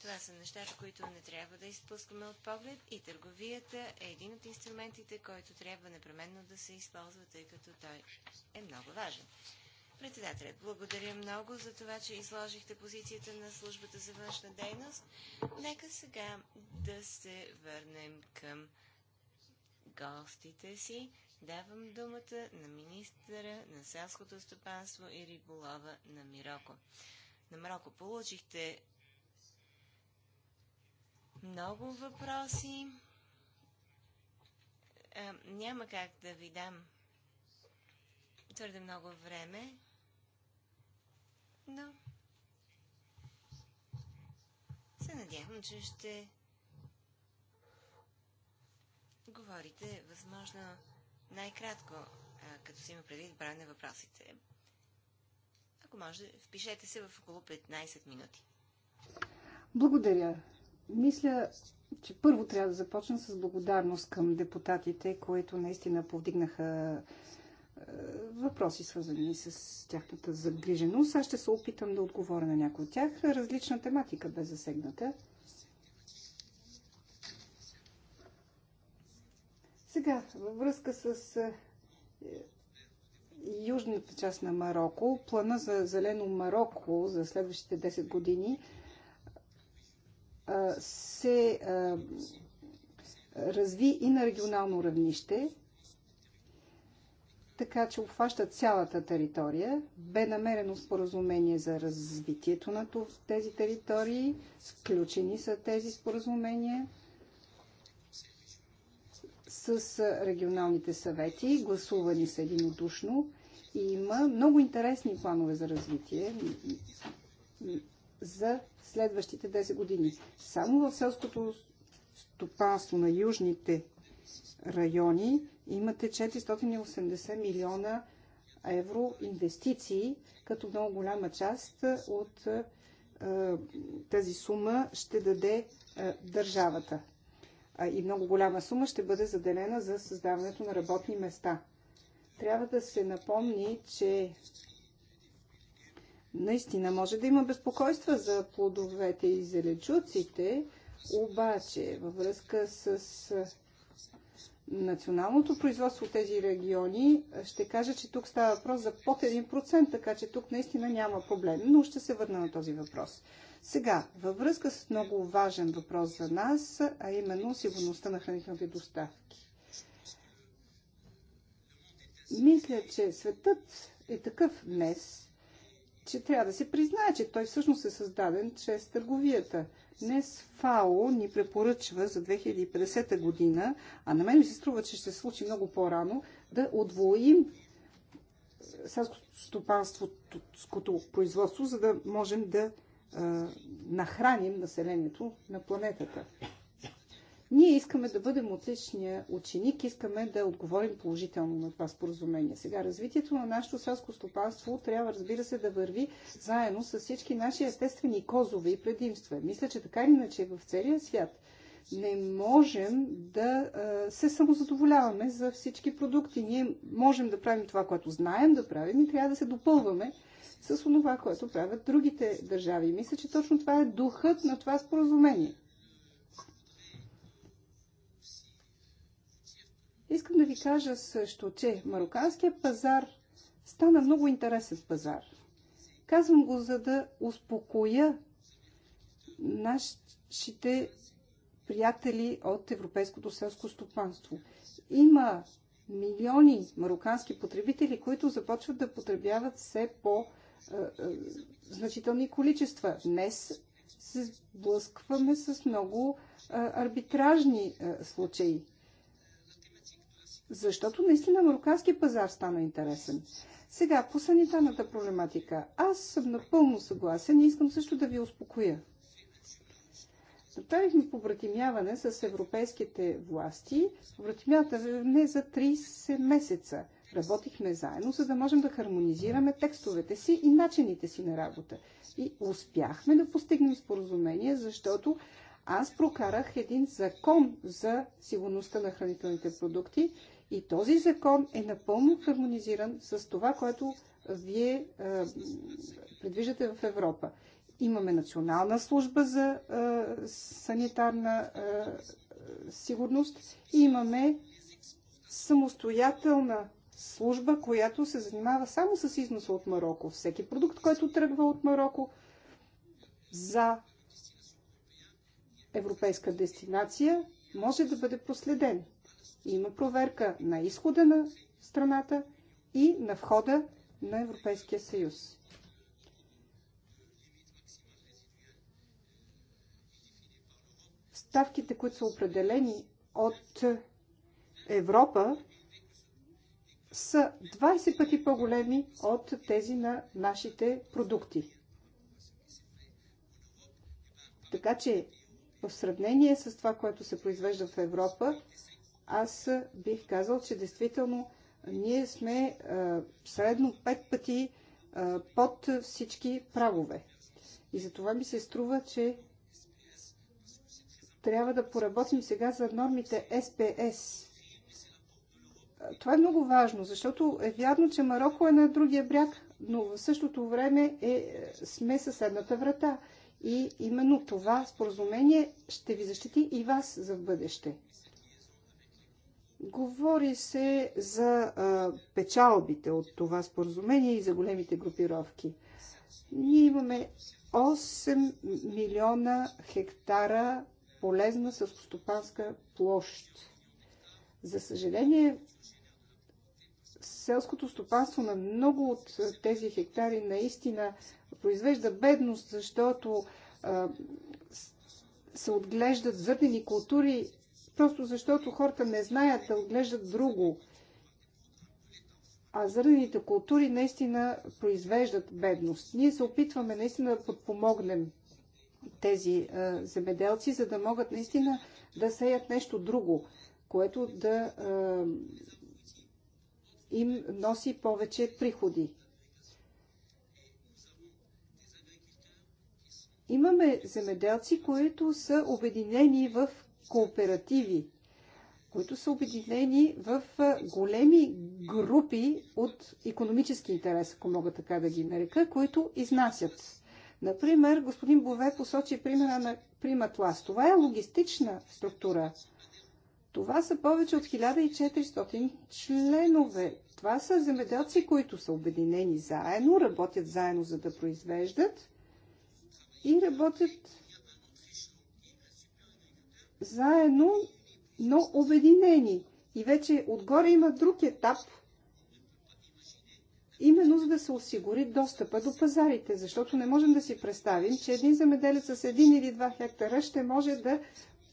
това са нещата, които не трябва да изпускаме от поглед и търговията е един от инструментите, който трябва непременно да се използва, тъй като той е много важен. Председателят, благодаря много за това, че изложихте позицията на службата за външна дейност. Нека сега да се върнем към гостите си. Давам думата на министъра на селското стопанство и риболова на Мироко. На Мироко получихте много въпроси. А, е, няма как да ви дам твърде много време, но се надявам, че ще говорите възможно най-кратко, като си има предвид брой на въпросите. Ако може, впишете се в около 15 минути. Благодаря. Мисля, че първо трябва да започна с благодарност към депутатите, които наистина повдигнаха въпроси, свързани с тяхната загриженост. Аз ще се опитам да отговоря на някои от тях. Различна тематика бе засегната. Сега, във връзка с е, е, южната част на Марокко, плана за зелено Марокко за следващите 10 години е, се разви и на регионално равнище, така че обхваща цялата територия. Бе намерено споразумение за развитието на тези територии, сключени са тези споразумения с регионалните съвети, гласувани са единодушно и има много интересни планове за развитие за следващите 10 години. Само в селското стопанство на южните райони имате 480 милиона евро инвестиции, като много голяма част от тази сума ще даде държавата и много голяма сума ще бъде заделена за създаването на работни места. Трябва да се напомни, че наистина може да има безпокойства за плодовете и зеленчуците, обаче във връзка с националното производство в тези региони, ще кажа, че тук става въпрос за под 1%, така че тук наистина няма проблем, но ще се върна на този въпрос. Сега, във връзка с много важен въпрос за нас, а именно сигурността на хранителните доставки. Мисля, че светът е такъв днес, че трябва да се признае, че той всъщност е създаден чрез търговията. Днес ФАО ни препоръчва за 2050 година, а на мен ми се струва, че ще се случи много по-рано, да отвоим селското стопанството производство, за да можем да нахраним населението на планетата. Ние искаме да бъдем отличния ученик, искаме да отговорим положително на това споразумение. Сега, развитието на нашето селско стопанство трябва, разбира се, да върви заедно с всички наши естествени козове и предимства. Мисля, че така или иначе в целия свят не можем да се самозадоволяваме за всички продукти. Ние можем да правим това, което знаем да правим и трябва да се допълваме с това, което правят другите държави. Мисля, че точно това е духът на това споразумение. Искам да ви кажа също, че мароканският пазар стана много интересен пазар. Казвам го, за да успокоя нашите приятели от Европейското селско стопанство. Има милиони марокански потребители, които започват да потребяват все по- е, е, значителни количества. Днес се сблъскваме с много е, арбитражни случаи. Защото наистина марокканския пазар стана интересен. Сега, по санитарната проблематика. Аз съм напълно съгласен и искам също да ви успокоя. Направихме побратимяване с европейските власти. Побратимяване за 30 месеца – Работихме заедно, за да можем да хармонизираме текстовете си и начините си на работа. И успяхме да постигнем споразумение, защото аз прокарах един закон за сигурността на хранителните продукти и този закон е напълно хармонизиран с това, което вие е, предвиждате в Европа. Имаме национална служба за е, санитарна е, сигурност и имаме самостоятелна служба, която се занимава само с износа от Марокко. Всеки продукт, който тръгва от Марокко за европейска дестинация, може да бъде проследен. Има проверка на изхода на страната и на входа на Европейския съюз. Ставките, които са определени от Европа са 20 пъти по-големи от тези на нашите продукти. Така че в сравнение с това, което се произвежда в Европа, аз бих казал, че действително ние сме а, средно 5 пъти а, под всички прагове. И за това ми се струва, че трябва да поработим сега за нормите СПС. Това е много важно, защото е вярно, че Марокко е на другия бряг, но в същото време е, е, сме съседната врата. И именно това споразумение ще ви защити и вас за в бъдеще. Говори се за а, печалбите от това споразумение и за големите групировки. Ние имаме 8 милиона хектара полезна съвкостопанска площ. За съжаление, селското стопанство на много от е, тези хектари наистина произвежда бедност, защото а, се отглеждат зърнени култури, просто защото хората не знаят да отглеждат друго. А зърнените култури наистина произвеждат бедност. Ние се опитваме наистина да подпомогнем тези а, земеделци, за да могат наистина да сеят нещо друго, което да а, им носи повече приходи. Имаме земеделци, които са обединени в кооперативи, които са обединени в големи групи от економически интерес, ако мога така да ги нарека, които изнасят. Например, господин Бове посочи примера на Приматлас. Това е логистична структура – това са повече от 1400 членове. Това са земеделци, които са обединени заедно, работят заедно за да произвеждат и работят заедно, но обединени. И вече отгоре има друг етап, именно за да се осигури достъпа до пазарите, защото не можем да си представим, че един замеделец с един или два хектара ще може да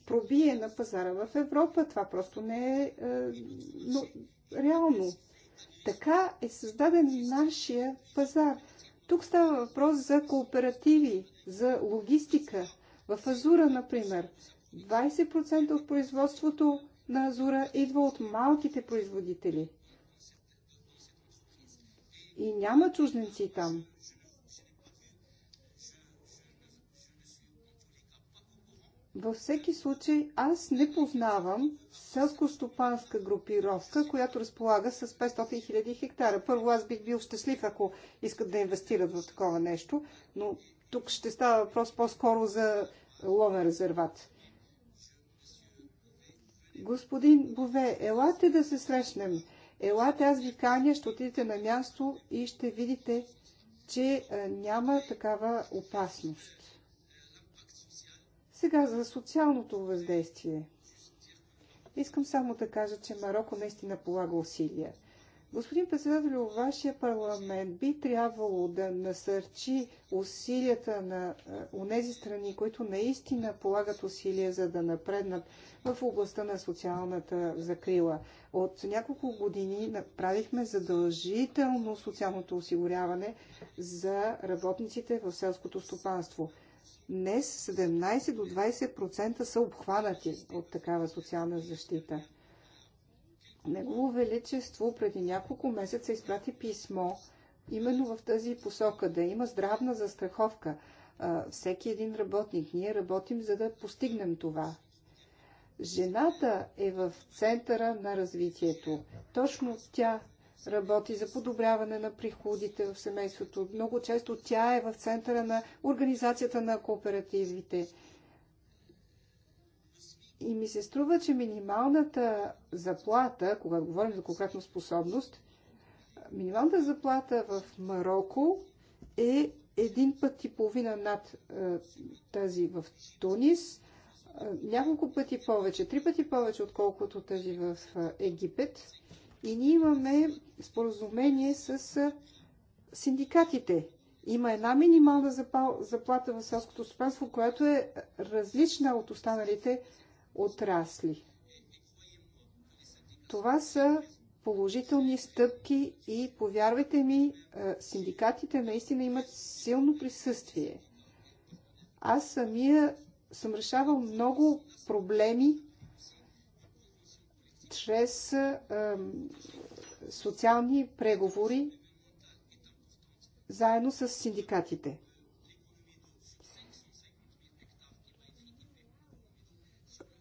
пробие на пазара в Европа. Това просто не е, е но, реално. Така е създаден нашия пазар. Тук става въпрос за кооперативи, за логистика. В Азура, например, 20% от производството на Азура идва от малките производители. И няма чужденци там. Във всеки случай аз не познавам селско-стопанска групировка, която разполага с 500 000 хектара. Първо аз бих бил щастлив, ако искат да инвестират в такова нещо, но тук ще става въпрос по-скоро за ловен резерват. Господин Бове, елате да се срещнем. Елате, аз ви каня, ще отидете на място и ще видите, че няма такава опасност. Сега за социалното въздействие. Искам само да кажа, че Марокко наистина полага усилия. Господин председател, вашия парламент би трябвало да насърчи усилията на е, онези страни, които наистина полагат усилия за да напреднат в областта на социалната закрила. От няколко години направихме задължително социалното осигуряване за работниците в селското стопанство. Днес 17 до 20% са обхванати от такава социална защита. Негово Величество преди няколко месеца изпрати писмо именно в тази посока, да има здравна застраховка. Всеки един работник. Ние работим за да постигнем това. Жената е в центъра на развитието. Точно тя работи за подобряване на приходите в семейството. Много често тя е в центъра на организацията на кооперативите. И ми се струва, че минималната заплата, когато говорим за конкретна способност, минималната заплата в Марокко е един път и половина над е, тази в Тунис, е, няколко пъти повече, три пъти повече, отколкото тази в е, Египет. И ние имаме споразумение с синдикатите. Има една минимална заплата в селското стопанство, която е различна от останалите отрасли. Това са положителни стъпки и повярвайте ми, синдикатите наистина имат силно присъствие. Аз самия съм решавал много проблеми чрез социални преговори заедно с синдикатите.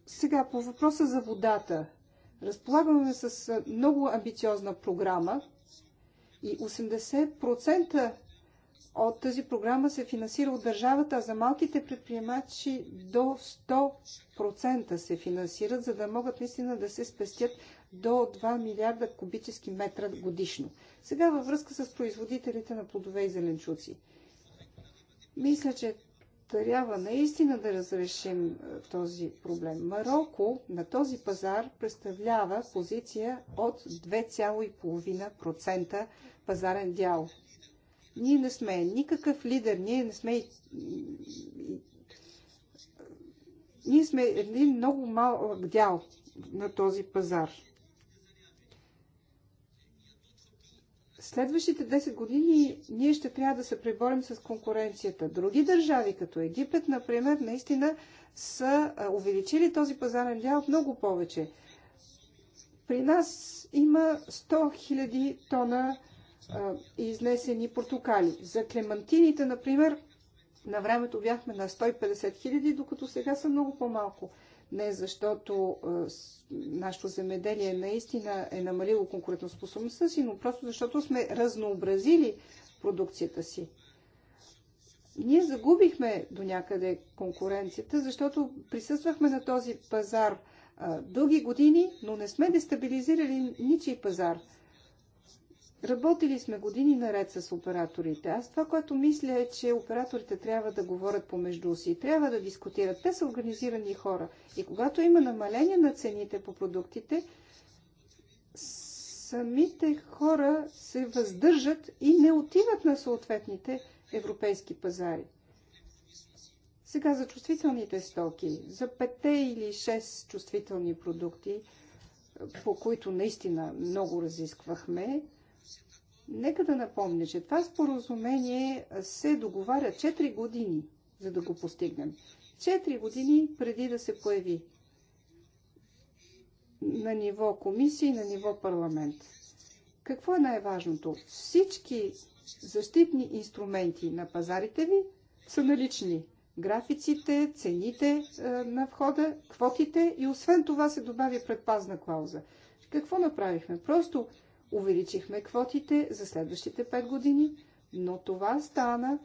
Сега по въпроса за водата. Разполагаме с много амбициозна програма и 80% от тази програма се финансира от държавата, а за малките предприемачи до 100% се финансират, за да могат наистина да се спестят до 2 милиарда кубически метра годишно. Сега във връзка с производителите на плодове и зеленчуци. Мисля, че трябва наистина да разрешим е, този проблем. Марокко на този пазар представлява позиция от 2,5% пазарен дял. Ние не сме никакъв лидер, ние не сме. Ние сме един много малък дял на този пазар. следващите 10 години ние ще трябва да се преборим с конкуренцията. Други държави, като Египет, например, наистина са увеличили този пазарен дял много повече. При нас има 100 000 тона изнесени портокали. За клемантините, например, на времето бяхме на 150 хиляди, докато сега са много по-малко. Не защото а, нашето земеделие наистина е намалило конкурентоспособността си, но просто защото сме разнообразили продукцията си. Ние загубихме до някъде конкуренцията, защото присъствахме на този пазар а, дълги години, но не сме дестабилизирали ничий пазар – Работили сме години наред с операторите. Аз това, което мисля е, че операторите трябва да говорят помежду си, трябва да дискутират. Те са организирани хора. И когато има намаление на цените по продуктите, самите хора се въздържат и не отиват на съответните европейски пазари. Сега за чувствителните стоки, за пете или шест чувствителни продукти, по които наистина много разисквахме, Нека да напомня, че това споразумение се договаря 4 години, за да го постигнем. 4 години преди да се появи на ниво комисии, на ниво парламент. Какво е най-важното? Всички защитни инструменти на пазарите ви са налични. Графиците, цените е, на входа, квотите и освен това се добави предпазна клауза. Какво направихме? Просто Увеличихме квотите за следващите 5 години, но това стана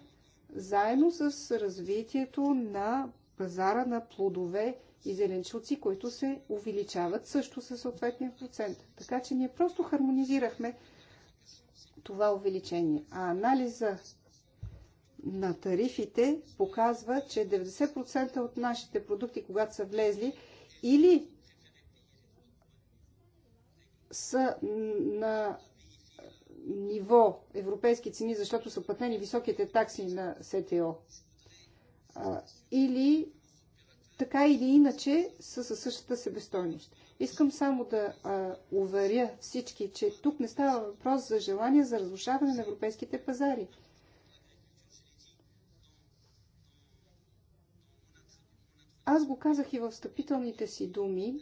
заедно с развитието на пазара на плодове и зеленчуци, които се увеличават също със съответния процент. Така че ние просто хармонизирахме това увеличение. А анализа на тарифите показва, че 90% от нашите продукти, когато са влезли, или са на ниво европейски цени, защото са платени високите такси на СТО. Или така или иначе са със същата себестойност. Искам само да а, уверя всички, че тук не става въпрос за желание за разрушаване на европейските пазари. Аз го казах и в встъпителните си думи,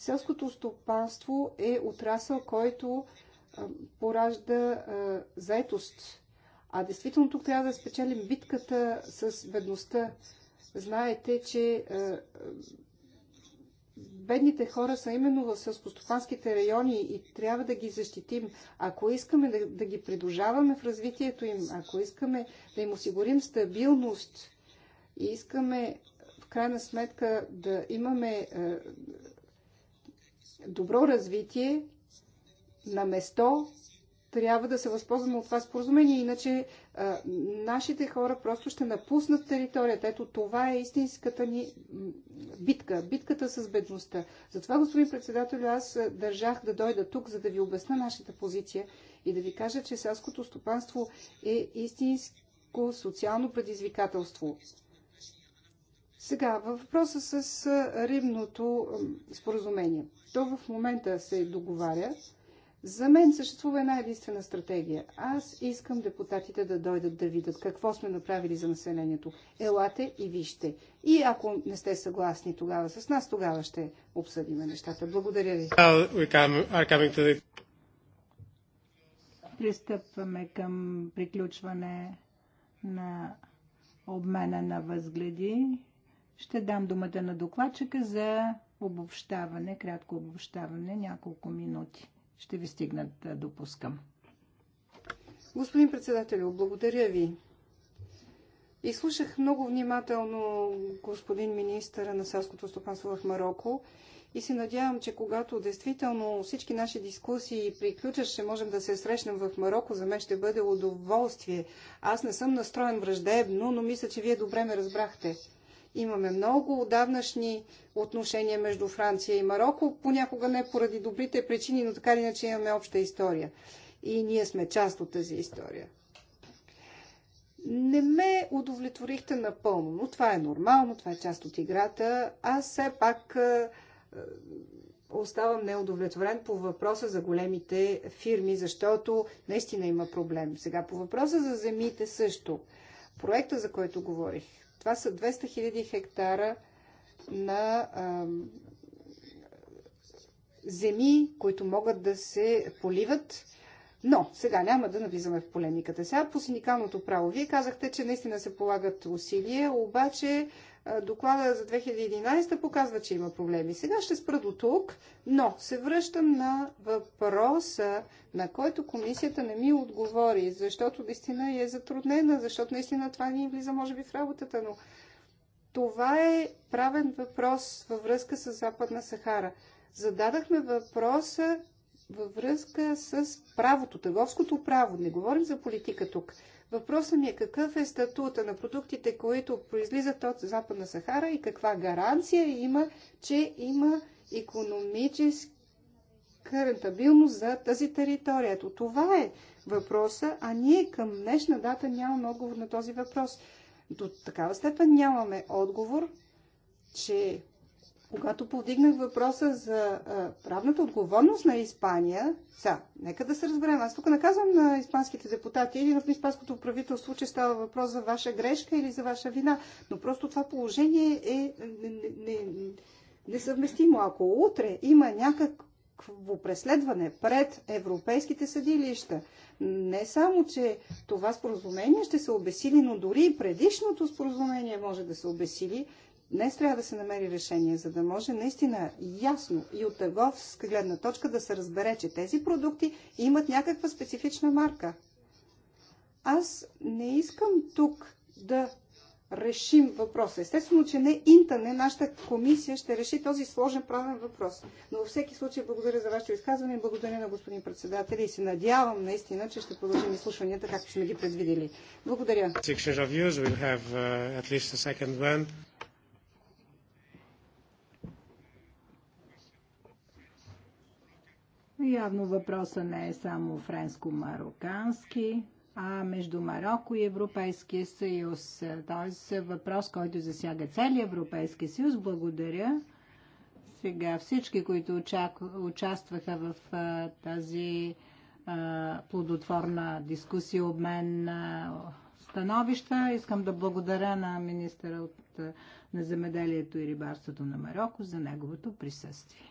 Селското стопанство е отрасъл, който поражда заетост. А действително тук трябва да спечелим битката с бедността. Знаете, че бедните хора са именно в селскостопанските райони и трябва да ги защитим. Ако искаме да, да ги придружаваме в развитието им, ако искаме да им осигурим стабилност и искаме в крайна сметка да имаме добро развитие на место трябва да се възползваме от това споразумение, иначе а, нашите хора просто ще напуснат територията. Ето това е истинската ни битка, битката с бедността. Затова, господин председател, аз държах да дойда тук, за да ви обясна нашата позиция и да ви кажа, че селското стопанство е истинско социално предизвикателство. Сега, във въпроса с римното споразумение. То в момента се договаря. За мен съществува една единствена стратегия. Аз искам депутатите да дойдат да видят какво сме направили за населението. Елате и вижте. И ако не сте съгласни тогава с нас, тогава ще обсъдим нещата. Благодаря ви. Пристъпваме към приключване на обмена на възгледи. Ще дам думата на докладчика за обобщаване, кратко обобщаване, няколко минути. Ще ви стигнат, да допускам. Господин председател, благодаря ви. И слушах много внимателно господин министъра на селското стопанство в Марокко и се надявам, че когато действително всички наши дискусии приключат, ще можем да се срещнем в Марокко. За мен ще бъде удоволствие. Аз не съм настроен враждебно, но мисля, че вие добре ме разбрахте. Имаме много отдавнашни отношения между Франция и Марокко, понякога не поради добрите причини, но така или иначе имаме обща история. И ние сме част от тази история. Не ме удовлетворихте напълно, но това е нормално, това е част от играта. Аз все пак е, е, оставам неудовлетворен по въпроса за големите фирми, защото наистина има проблем. Сега по въпроса за земите също. Проекта, за който говорих, това са 200 000 хектара на а, земи, които могат да се поливат. Но сега няма да навлизаме в полемиката. Сега по синикалното право. Вие казахте, че наистина се полагат усилия, обаче доклада за 2011 показва, че има проблеми. Сега ще спра до тук, но се връщам на въпроса, на който комисията не ми отговори, защото наистина е затруднена, защото наистина това ни влиза може би в работата, но това е правен въпрос във връзка с Западна Сахара. Зададахме въпроса във връзка с правото, търговското право. Не говорим за политика тук. Въпросът ми е какъв е статута на продуктите, които произлизат от Западна Сахара и каква гаранция има, че има економически рентабилност за тази територия. Ето това е въпроса, а ние към днешна дата нямаме отговор на този въпрос. До такава степен нямаме отговор, че когато повдигнах въпроса за правната отговорност на Испания, сега, нека да се разберем. Аз тук наказвам на испанските депутати или на испанското правителство, че става въпрос за ваша грешка или за ваша вина. Но просто това положение е несъвместимо. Не, не Ако утре има някакво преследване пред европейските съдилища. Не само, че това споразумение ще се обесили, но дори и предишното споразумение може да се обесили. Днес трябва да се намери решение, за да може наистина ясно и от търговска гледна точка да се разбере, че тези продукти имат някаква специфична марка. Аз не искам тук да решим въпроса. Естествено, че не Инта, не нашата комисия ще реши този сложен правен въпрос. Но във всеки случай благодаря за вашето изказване и благодаря на господин председател и се надявам наистина, че ще продължим изслушванията, както сме ги предвидели. Благодаря. Явно въпросът не е само френско-марокански, а между Марокко и Европейския съюз. Тоест е въпрос, който засяга целият Европейски съюз. Благодаря. Сега всички, които участваха в тази плодотворна дискусия, обмен на становища, искам да благодаря на министъра от, на земеделието и рибарството на Марокко за неговото присъствие.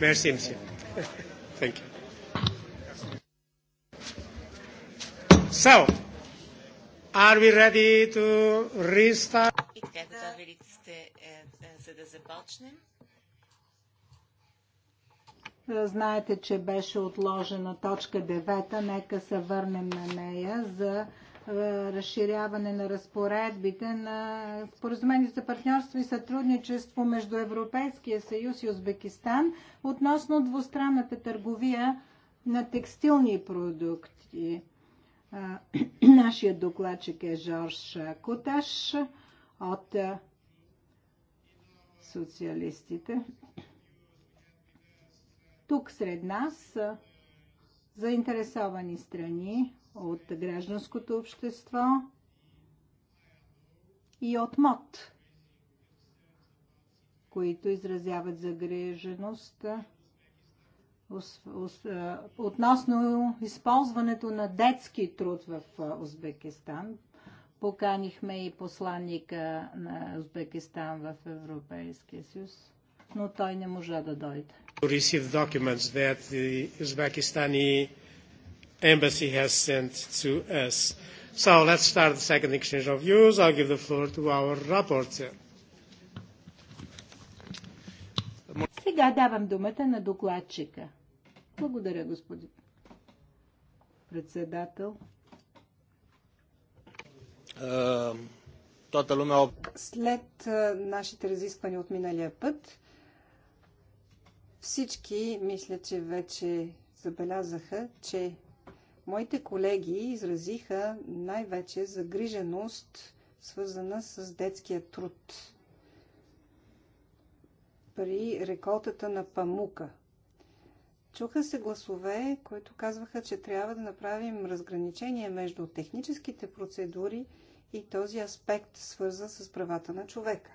Merci, monsieur. Thank you. So, are we ready to restart? И така, готови ли сте, за да започнем? Знаете, че беше отложена точка 9. Нека се върнем на нея за е, разширяване на разпоредбите на споразумение за партньорство и сътрудничество между Европейския съюз и Узбекистан относно двустранната търговия на текстилни продукти. Е, нашият докладчик е Жорж Куташ от е, социалистите. Тук сред нас заинтересовани страни от гражданското общество и от МОД, които изразяват загреженост относно използването на детски труд в Узбекистан. Поканихме и посланника на Узбекистан в Европейския съюз, но той не можа да дойде embassy has sent to us. So let's start the second exchange of views. I'll give the floor to our rapporteur. Сега давам думата на докладчика. Благодаря, господин председател. След нашите разисквания от миналия път, всички мисля, че вече забелязаха, че Моите колеги изразиха най-вече загриженост, свързана с детския труд при реколтата на памука. Чуха се гласове, които казваха, че трябва да направим разграничение между техническите процедури и този аспект, свързан с правата на човека.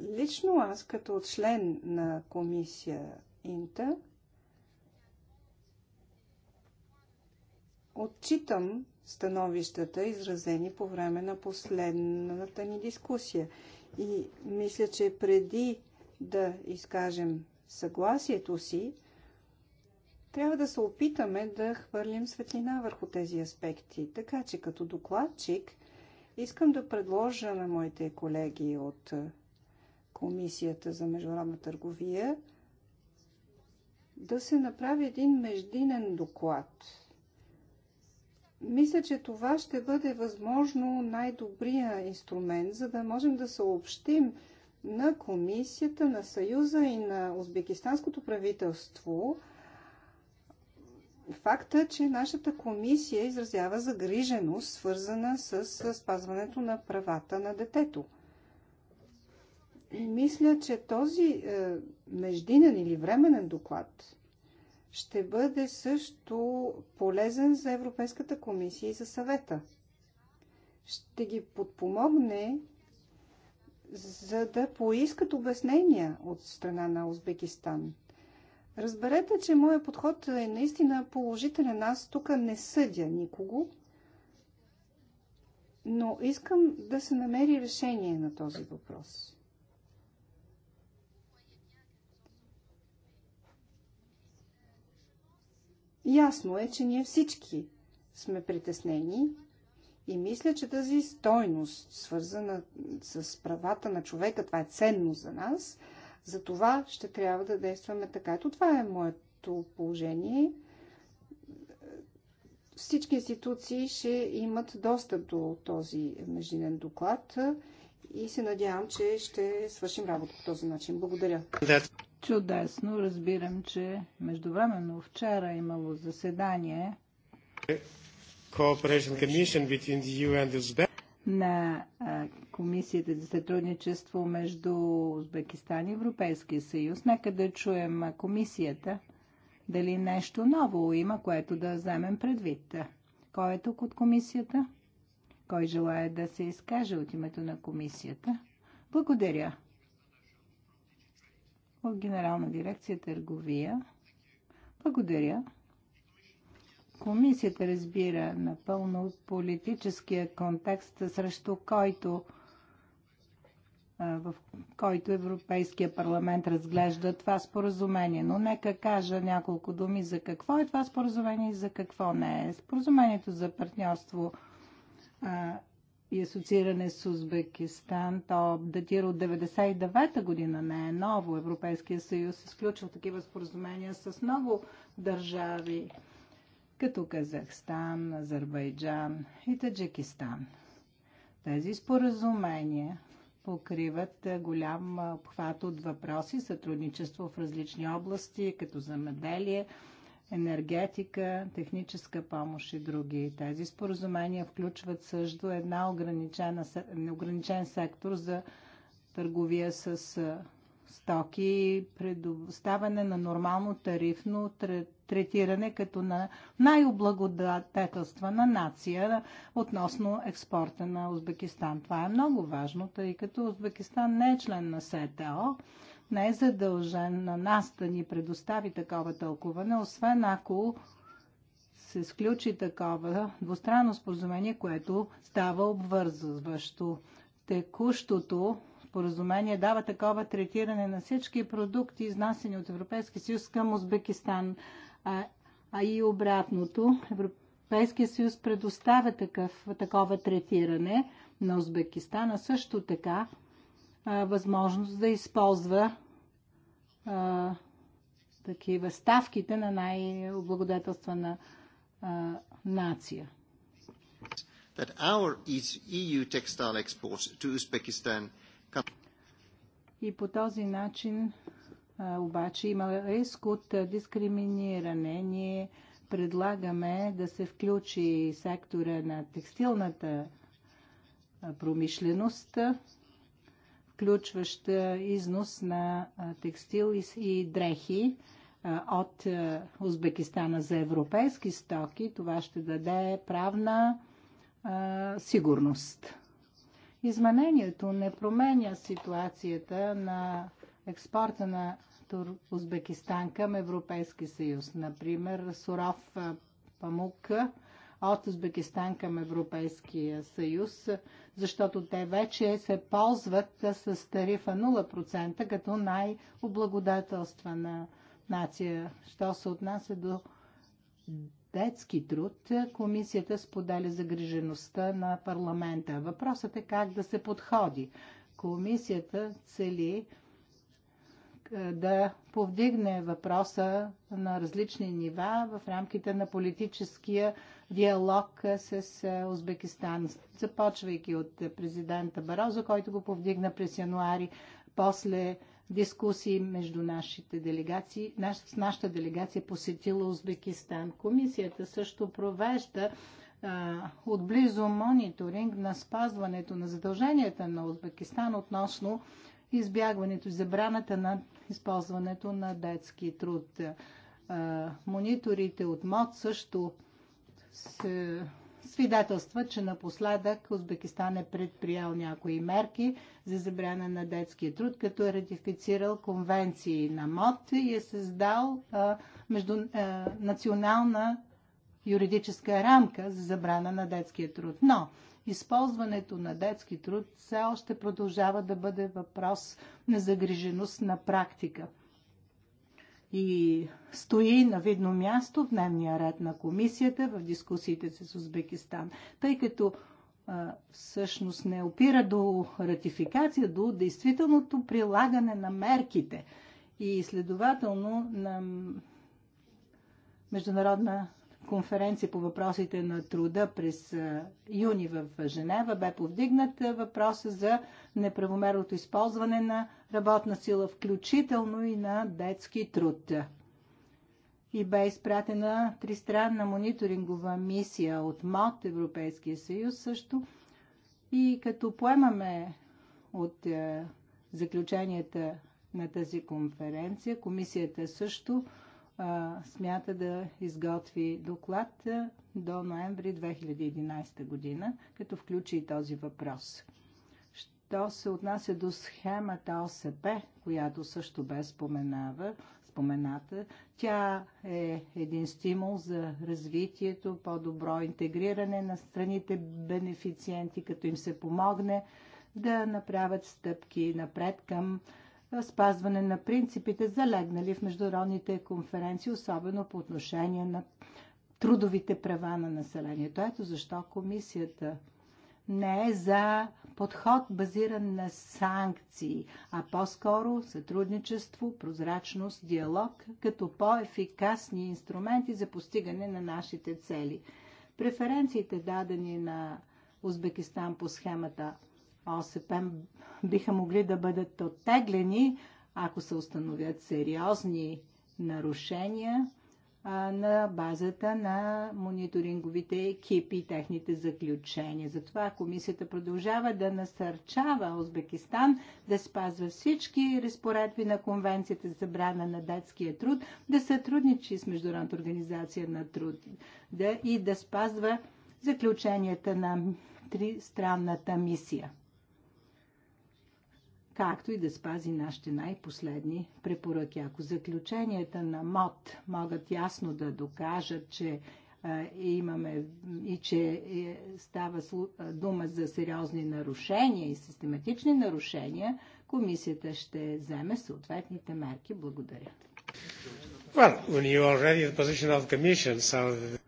Лично аз, като член на комисия Инта, отчитам становищата, изразени по време на последната ни дискусия. И мисля, че преди да изкажем съгласието си, трябва да се опитаме да хвърлим светлина върху тези аспекти. Така че като докладчик искам да предложа на моите колеги от Комисията за международна търговия да се направи един междинен доклад – мисля, че това ще бъде възможно най-добрия инструмент, за да можем да съобщим на комисията, на Съюза и на узбекистанското правителство факта, че нашата комисия изразява загриженост, свързана с спазването на правата на детето. Мисля, че този е, междинен или временен доклад ще бъде също полезен за Европейската комисия и за съвета. Ще ги подпомогне за да поискат обяснения от страна на Узбекистан. Разберете, че моят подход е наистина положителен. Аз тук не съдя никого, но искам да се намери решение на този въпрос. Ясно е, че ние всички сме притеснени и мисля, че тази стойност, свързана с правата на човека, това е ценно за нас, за това ще трябва да действаме така. Ето това е моето положение. Всички институции ще имат достъп до този междинен доклад и се надявам, че ще свършим работа по този начин. Благодаря. Чудесно, разбирам, че междувременно вчера е имало заседание на Комисията за сътрудничество между Узбекистан и Европейския съюз. Нека да чуем комисията дали нещо ново има, което да вземем предвид. Кой е тук от комисията? Кой желая да се изкаже от името на комисията? Благодаря от Генерална дирекция търговия. Благодаря. Комисията разбира напълно политическия контекст, срещу който в който Европейския парламент разглежда това споразумение. Но нека кажа няколко думи за какво е това споразумение и за какво не е. Споразумението за партньорство и асоцииране с Узбекистан. То датира от 1999 година, не е ново. Европейския съюз е сключил такива споразумения с много държави, като Казахстан, Азербайджан и Таджикистан. Тези споразумения покриват голям обхват от въпроси, сътрудничество в различни области, като замеделие, енергетика, техническа помощ и други. Тези споразумения включват също една ограничена, ограничен сектор за търговия с стоки и предоставяне на нормално тарифно третиране като на най-облагодателства на нация относно експорта на Узбекистан. Това е много важно, тъй като Узбекистан не е член на СТО не е задължен на нас да ни предостави такова тълкуване, освен ако се сключи такова двустранно споразумение, което става обвързващо. Текущото споразумение дава такова третиране на всички продукти, изнасени от Европейски съюз към Узбекистан, а, а и обратното. Европейския съюз предоставя такъв, такова третиране на Узбекистан, а също така възможност да използва а, такива ставките на най-облагодетелствена нация. That our EU e textile exports to Uzbekistan и по този начин а, обаче има риск от дискриминиране. Ние предлагаме да се включи сектора на текстилната промишленост включваща износ на текстил и дрехи от Узбекистана за европейски стоки. Това ще даде правна сигурност. Изменението не променя ситуацията на експорта на Узбекистан към Европейски съюз. Например, суров памук от Узбекистан към Европейския съюз, защото те вече се ползват с тарифа 0% като най-облагодателствана нация. Що се отнася до детски труд, комисията споделя загрижеността на парламента. Въпросът е как да се подходи. Комисията цели да повдигне въпроса на различни нива в рамките на политическия диалог е, с Узбекистан, започвайки от президента Барозо, който го повдигна през януари, после дискусии между нашите делегации. Наш, с нашата делегация посетила Узбекистан. Комисията също провежда а, отблизо мониторинг на спазването на задълженията на Узбекистан относно избягването, забраната на използването на детски труд. Мониторите от МОД също свидетелстват, че напоследък Узбекистан е предприял някои мерки за забрана на детския труд, като е ратифицирал конвенции на МОД и е създал между, национална юридическа рамка за забрана на детския труд. Но използването на детски труд все още продължава да бъде въпрос на загриженост на практика и стои на видно място в дневния ред на комисията в дискусиите с Узбекистан, тъй като а, всъщност не опира до ратификация, до действителното прилагане на мерките и следователно на международна конференция по въпросите на труда през юни в Женева бе повдигнат въпроса за неправомерното използване на работна сила, включително и на детски труд. И бе изпратена тристранна мониторингова мисия от МОД, Европейския съюз също. И като поемаме от заключенията на тази конференция, комисията също а, смята да изготви доклад до ноември 2011 година, като включи и този въпрос. Що се отнася до схемата ОСП, която също бе споменава, спомената, тя е един стимул за развитието, по-добро интегриране на страните бенефициенти, като им се помогне да направят стъпки напред към спазване на принципите, залегнали в международните конференции, особено по отношение на трудовите права на населението. Ето защо комисията не е за подход базиран на санкции, а по-скоро сътрудничество, прозрачност, диалог като по-ефикасни инструменти за постигане на нашите цели. Преференциите дадени на Узбекистан по схемата ОСП биха могли да бъдат оттеглени, ако се установят сериозни нарушения на базата на мониторинговите екипи и техните заключения. Затова комисията продължава да насърчава Узбекистан да спазва всички разпоредби на Конвенцията за забрана на детския труд, да сътрудничи с Международната организация на труд да, и да спазва заключенията на тристранната мисия както и да спази нашите най-последни препоръки. Ако заключенията на МОД могат ясно да докажат, че имаме и че е, става дума за сериозни нарушения и систематични нарушения, комисията ще вземе съответните мерки. Благодаря. Well, when you already the position of the commission, so...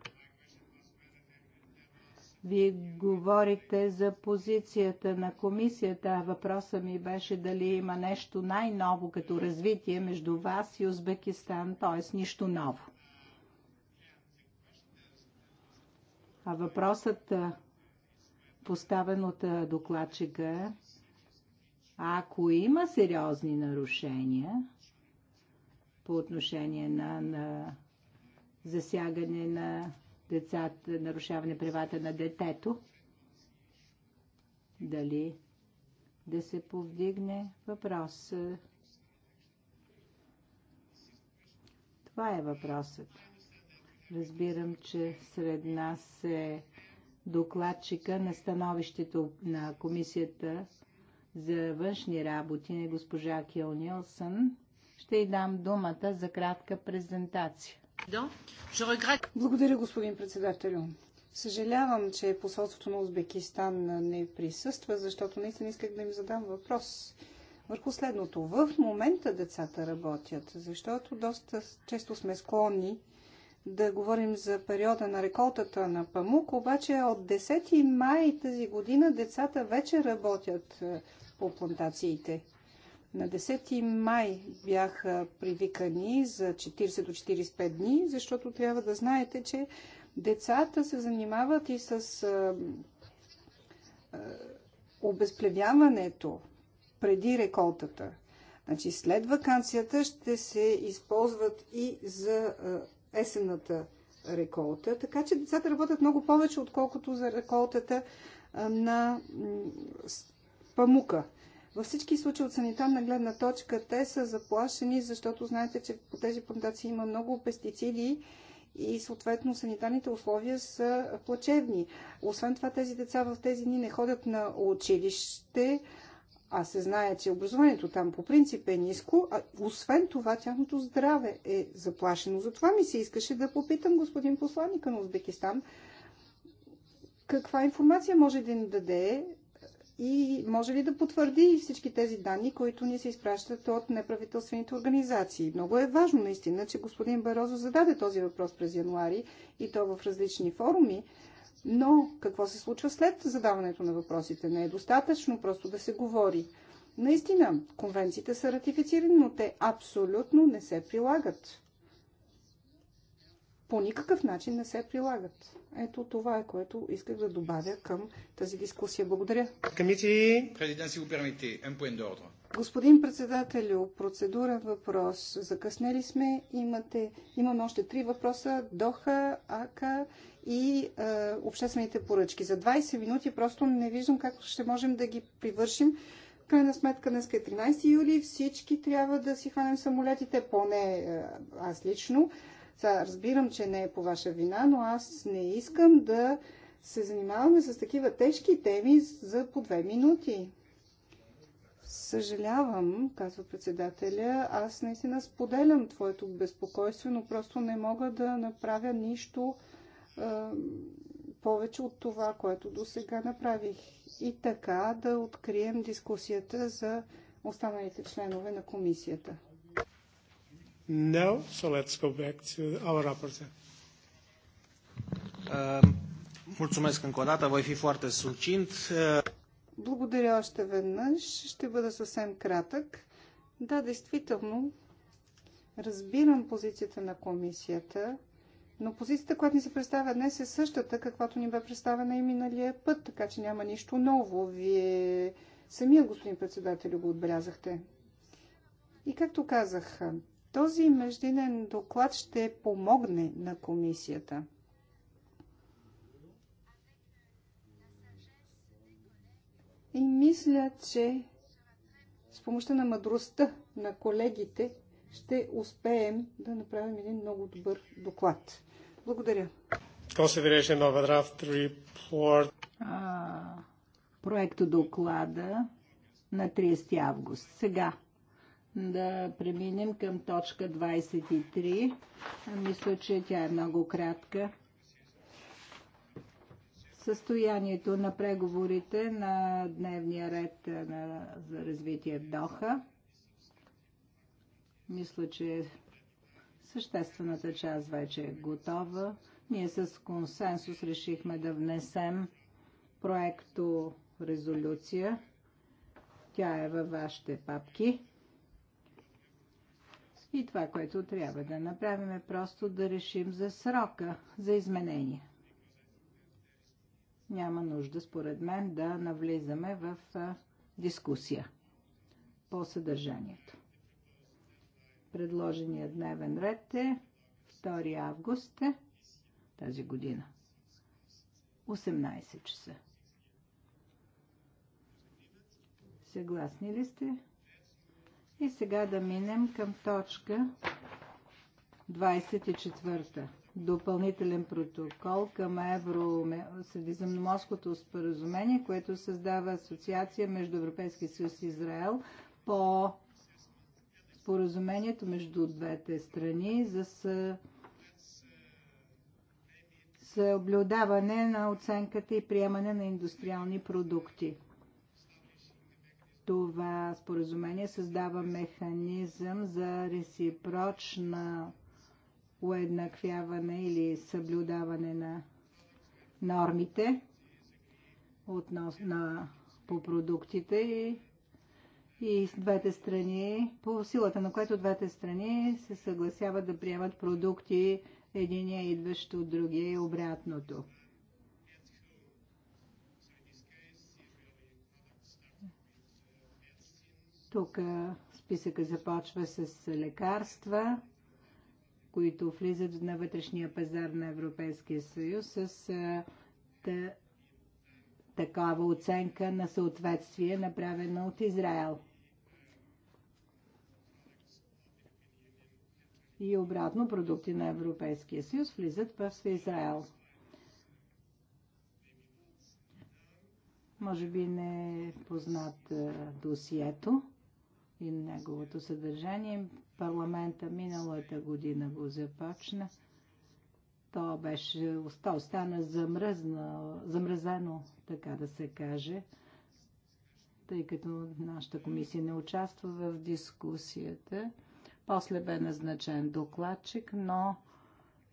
Вие говорите за позицията на комисията. Въпросът ми беше дали има нещо най-ново като развитие между вас и Узбекистан, т.е. нищо ново. А въпросът, поставен от докладчика е, ако има сериозни нарушения по отношение на, на засягане на децата, нарушаване правата на детето. Дали да се повдигне въпрос. Това е въпросът. Разбирам, че сред нас е докладчика на становището на комисията за външни работи на госпожа Кил Нилсън. Ще й дам думата за кратка презентация. Благодаря, господин председателю. Съжалявам, че посолството на Узбекистан не присъства, защото наистина исках да им задам въпрос върху следното. В момента децата работят, защото доста често сме склонни да говорим за периода на реколтата на памук, обаче от 10 май тази година децата вече работят е, по плантациите. На 10 май бяха привикани за 40 до 45 дни, защото трябва да знаете, че децата се занимават и с а, а, обезплевяването преди реколтата. Значи след вакансията ще се използват и за а, есената реколта, така че децата работят много повече, отколкото за реколтата а, на памука. Във всички случаи от санитарна гледна точка те са заплашени, защото знаете, че по тези плантации има много пестициди и съответно санитарните условия са плачевни. Освен това, тези деца в тези дни не ходят на училище, а се знае, че образованието там по принцип е ниско, а освен това тяхното здраве е заплашено. Затова ми се искаше да попитам господин посланника на Узбекистан, каква информация може да ни даде и може ли да потвърди всички тези данни, които ни се изпращат от неправителствените организации? Много е важно наистина, че господин Барозо зададе този въпрос през януари и то в различни форуми, но какво се случва след задаването на въпросите? Не е достатъчно просто да се говори. Наистина, конвенциите са ратифицирани, но те абсолютно не се прилагат по никакъв начин не се прилагат. Ето това е което исках да добавя към тази дискусия. Благодаря. Господин председателю, процедурен въпрос. Закъснели сме. Имате, имаме още три въпроса. Доха, АКА и е, обществените поръчки. За 20 минути просто не виждам как ще можем да ги привършим. В крайна сметка днес е 13 юли. Всички трябва да си хванем самолетите, поне е, аз лично. Сега разбирам, че не е по ваша вина, но аз не искам да се занимаваме с такива тежки теми за по две минути. Съжалявам, казва председателя, аз наистина споделям твоето безпокойство, но просто не мога да направя нищо е, повече от това, което до сега направих. И така да открием дискусията за останалите членове на комисията. No? So let's go back to our rapporteur. Um, mulțumesc încă o dată, voi fi foarte succint. Благодаря още веднъж. Ще бъда съвсем кратък. Да, действително, разбирам позицията на комисията, но позицията, която ни се представя днес е същата, каквато ни бе представена и миналия път, така че няма нищо ново. Вие самия, господин председател, го отбелязахте. И както казах, този междинен доклад ще помогне на комисията. И мисля, че с помощта на мъдростта на колегите ще успеем да направим един много добър доклад. Благодаря. Проекто доклада на 30 август. Сега да преминем към точка 23. Мисля, че тя е много кратка. Състоянието на преговорите на дневния ред на, за развитие в Доха. Мисля, че съществената част вече е готова. Ние с консенсус решихме да внесем проекто резолюция. Тя е във вашите папки. И това, което трябва да направим е просто да решим за срока за изменение. Няма нужда, според мен, да навлизаме в дискусия по съдържанието. Предложеният дневен ред е 2 август е, тази година. 18 часа. Съгласни ли сте? И сега да минем към точка 24. Допълнителен протокол към евро споразумение, което създава асоциация между Европейския съюз и Израел по споразумението между двете страни за съблюдаване на оценката и приемане на индустриални продукти. Това споразумение създава механизъм за реципрочна уеднаквяване или съблюдаване на нормите относно на, по продуктите и, и с двете страни, по силата на което двете страни се съгласяват да приемат продукти единия идващ от другия и обратното. Тук списъка започва с лекарства, които влизат на вътрешния пазар на Европейския съюз с такава оценка на съответствие, направена от Израел. И обратно продукти на Европейския съюз влизат в Израел. Може би не е познат досието и неговото съдържание. Парламента миналата година го започна. То, беше, то остана замръзна, замръзено, така да се каже, тъй като нашата комисия не участва в дискусията. После бе назначен докладчик, но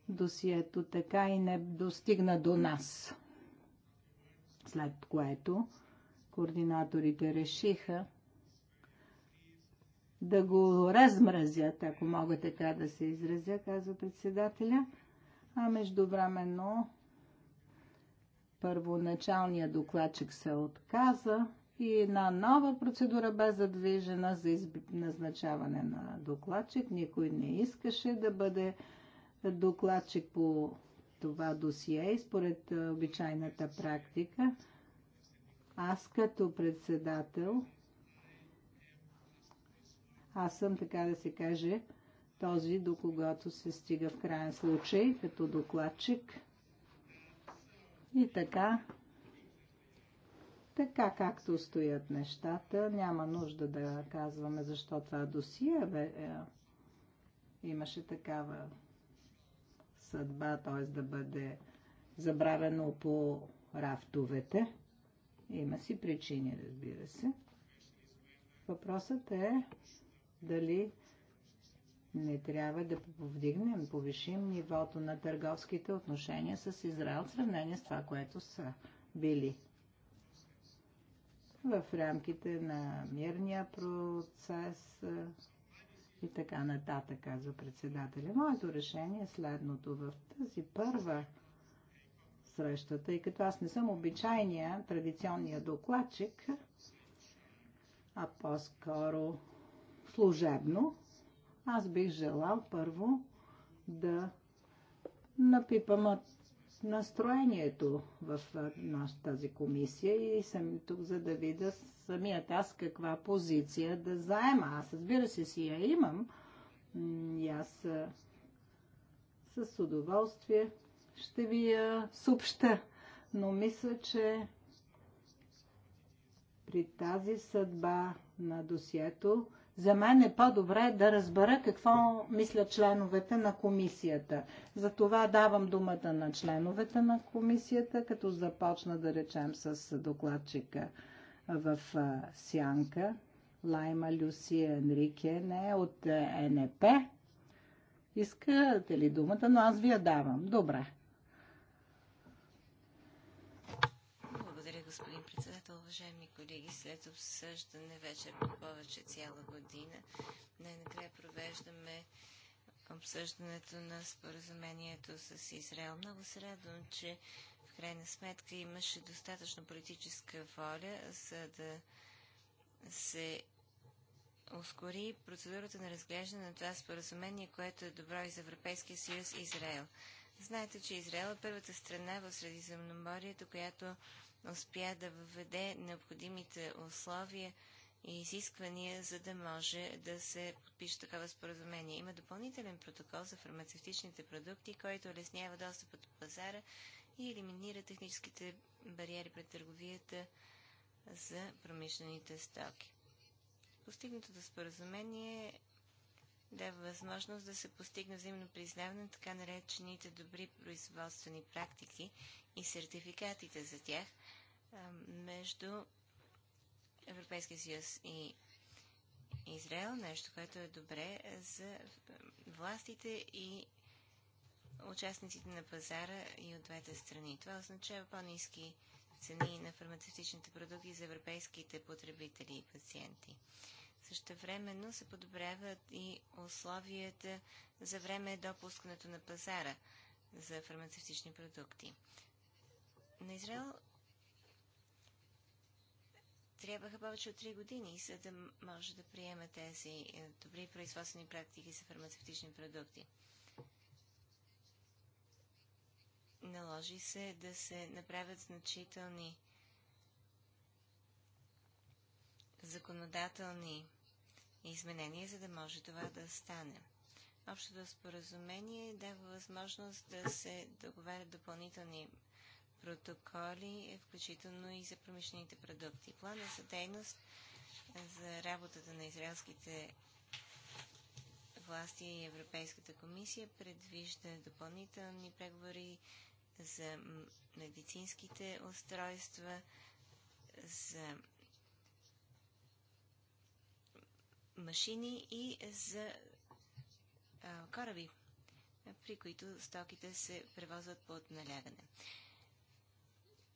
досието така и не достигна до нас. След което координаторите решиха да го размразят, ако мога така да се изразя, казва председателя. А междувременно първоначалният докладчик се отказа и една нова процедура бе задвижена за назначаване на докладчик. Никой не искаше да бъде докладчик по това досие и според обичайната практика. Аз като председател аз съм, така да се каже, този, до когато се стига в крайен случай, като докладчик. И така, така както стоят нещата, няма нужда да казваме защо това досия. бе, е, имаше такава съдба, т.е. да бъде забравено по рафтовете. Има си причини, разбира се. Въпросът е дали не трябва да повдигнем, повишим нивото на търговските отношения с Израел в сравнение с това, което са били в рамките на мирния процес и така нататък, казва председателя. Моето решение е следното. В тази първа среща, тъй като аз не съм обичайния традиционния докладчик, а по-скоро служебно. Аз бих желал първо да напипам настроението в тази комисия и съм тук, за да видя самият аз каква позиция да заема. Аз разбира се си я имам и аз с удоволствие ще ви я съобща. Но мисля, че при тази съдба на досието за мен е по-добре да разбера какво мислят членовете на комисията. Затова давам думата на членовете на комисията, като започна да речем с докладчика в Сянка. Лайма Люсия Енрике не от НП. Искате ли думата, но аз ви я давам. Добре. Уважаеми колеги, след обсъждане вече по повече цяла година, най-накрая провеждаме обсъждането на споразумението с Израел. Много се радвам, че в крайна сметка имаше достатъчно политическа воля, за да се ускори процедурата на разглеждане на това споразумение, което е добро и за Европейския съюз и Израел. Знаете, че Израел е първата страна в Средиземноморието, която успя да въведе необходимите условия и изисквания, за да може да се подпише такова споразумение. Има допълнителен протокол за фармацевтичните продукти, който улеснява достъпа до пазара и елиминира техническите бариери пред търговията за промишлените стоки. Постигнатото споразумение дава възможност да се постигне взаимно признаване на така наречените добри производствени практики и сертификатите за тях между Европейския съюз и Израел, нещо, което е добре за властите и участниците на пазара и от двете страни. Това означава по-низки цени на фармацевтичните продукти за европейските потребители и пациенти. Същевременно се подобряват и условията за време до пускането на пазара за фармацевтични продукти. На Израел трябваха повече от 3 години, за да може да приема тези е, добри производствени практики за фармацевтични продукти. Наложи се да се направят значителни законодателни изменения, за да може това да стане. Общото споразумение дава възможност да се договарят допълнителни протоколи, включително и за промишлените продукти. Плана за дейност е, за работата на израелските власти и Европейската комисия предвижда допълнителни преговори за медицинските устройства, за машини и за кораби, при които стоките се превозват под налягане.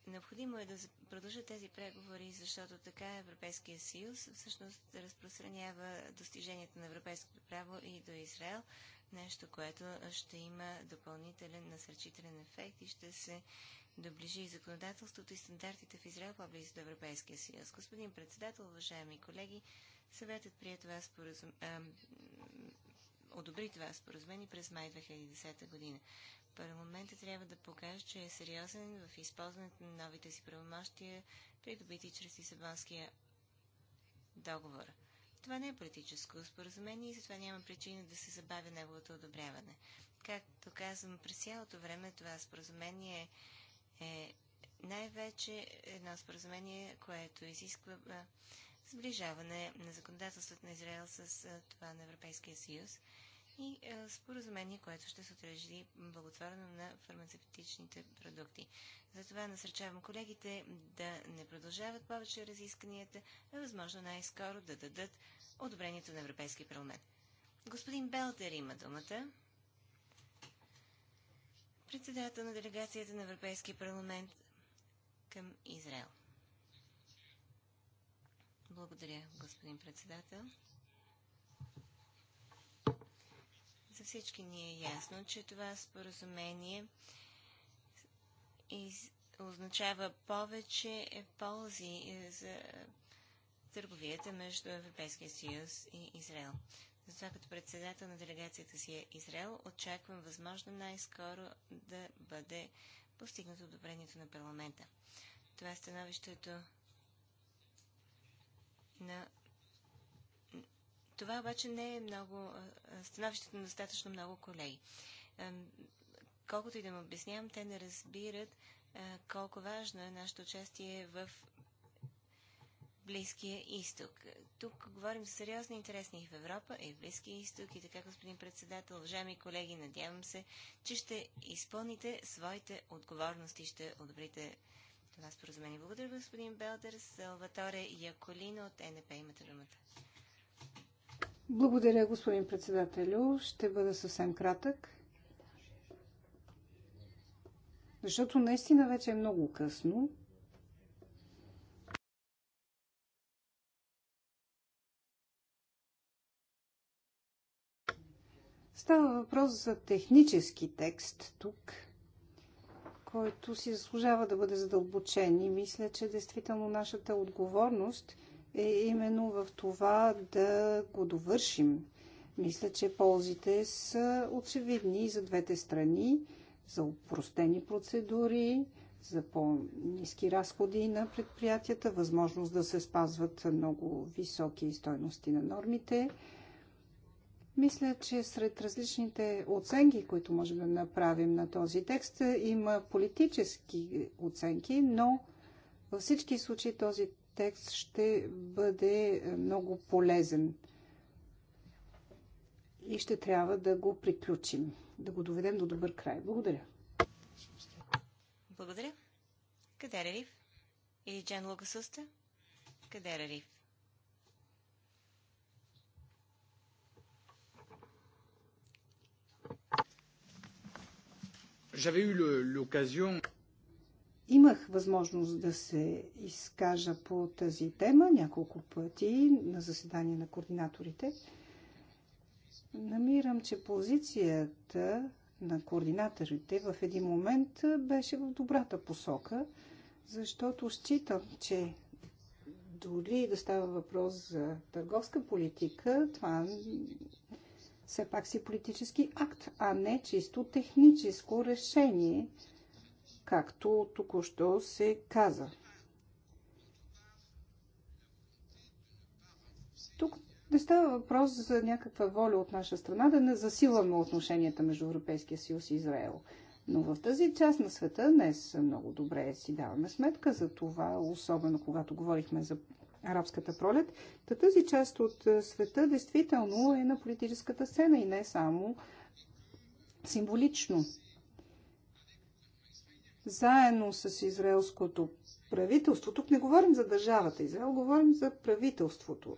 Необходимо е да продължат тези преговори, защото така Европейския съюз всъщност разпространява достиженията на европейското право и до Израел, нещо, което ще има допълнителен насърчителен ефект и ще се доближи и законодателството и стандартите в Израел по-близо до Европейския съюз. Господин председател, уважаеми колеги, Съветът прие това споразум... а, одобри това споразумение през май 2010 година. Парламентът трябва да покаже, че е сериозен в използването на новите си правомощия, придобити чрез Лисабонския договор. Това не е политическо споразумение и затова няма причина да се забавя неговото одобряване. Както казвам, през цялото време това споразумение е, е най-вече едно споразумение, което изисква а, сближаване на законодателството на Израел с това на Европейския съюз и споразумение, което ще се отрежи благотворно на фармацевтичните продукти. Затова насърчавам колегите да не продължават повече разисканията, а възможно най-скоро да дадат одобрението на Европейския парламент. Господин Белтер има думата. Председател на делегацията на Европейския парламент към Израел. Благодаря, господин председател. За всички ни е ясно, че това споразумение из... означава повече ползи е, за търговията между Европейския съюз и Израел. Затова като председател на делегацията си е Израел очаквам възможно най-скоро да бъде постигнато одобрението на парламента. Това е становището на това обаче не е много, становището на достатъчно много колеги. Колкото и да му обяснявам, те не разбират колко важно е нашето участие в Близкия изток. Тук говорим за сериозни интересни в Европа, и в Близкия изток. И така, господин председател, уважаеми колеги, надявам се, че ще изпълните своите отговорности, ще одобрите това споразумение. Благодаря, господин Белдер. Салваторе Яколино от НП имате думата. Благодаря, господин председателю. Ще бъда съвсем кратък. Защото наистина вече е много късно. Става въпрос за технически текст тук – който си заслужава да бъде задълбочен. И мисля, че действително нашата отговорност е именно в това да го довършим. Мисля, че ползите са очевидни за двете страни, за упростени процедури, за по-низки разходи на предприятията, възможност да се спазват много високи стойности на нормите – мисля, че сред различните оценки, които можем да направим на този текст, има политически оценки, но във всички случаи този текст ще бъде много полезен. И ще трябва да го приключим, да го доведем до добър край. Благодаря. Благодаря. Къде е Рариф? И Джен Лугасуста? Къде е Рариф? Имах възможност да се изкажа по тази тема няколко пъти на заседание на координаторите. Намирам, че позицията на координаторите в един момент беше в добрата посока, защото считам, че дори да става въпрос за търговска политика, това все пак си политически акт, а не чисто техническо решение, както току-що се каза. Тук не става въпрос за някаква воля от наша страна да не засилваме отношенията между Европейския съюз и Израел. Но в тази част на света днес много добре си даваме сметка за това, особено когато говорихме за арабската пролет. Та тази част от е, света действително е на политическата сцена и не само символично. Заедно с израелското правителство, тук не говорим за държавата Израел, говорим за правителството.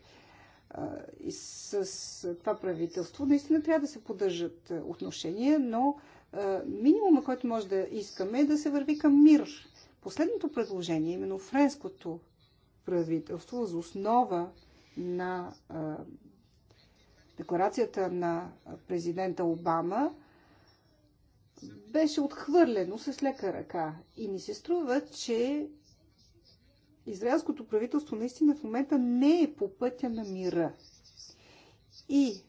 И с това правителство наистина трябва да се поддържат е, отношения, но е, минимума, който може да искаме е да се върви към мир. Последното предложение, именно френското правителство за основа на декларацията на президента Обама беше отхвърлено с лека ръка. И ми се струва, че израелското правителство наистина в момента не е по пътя на мира. И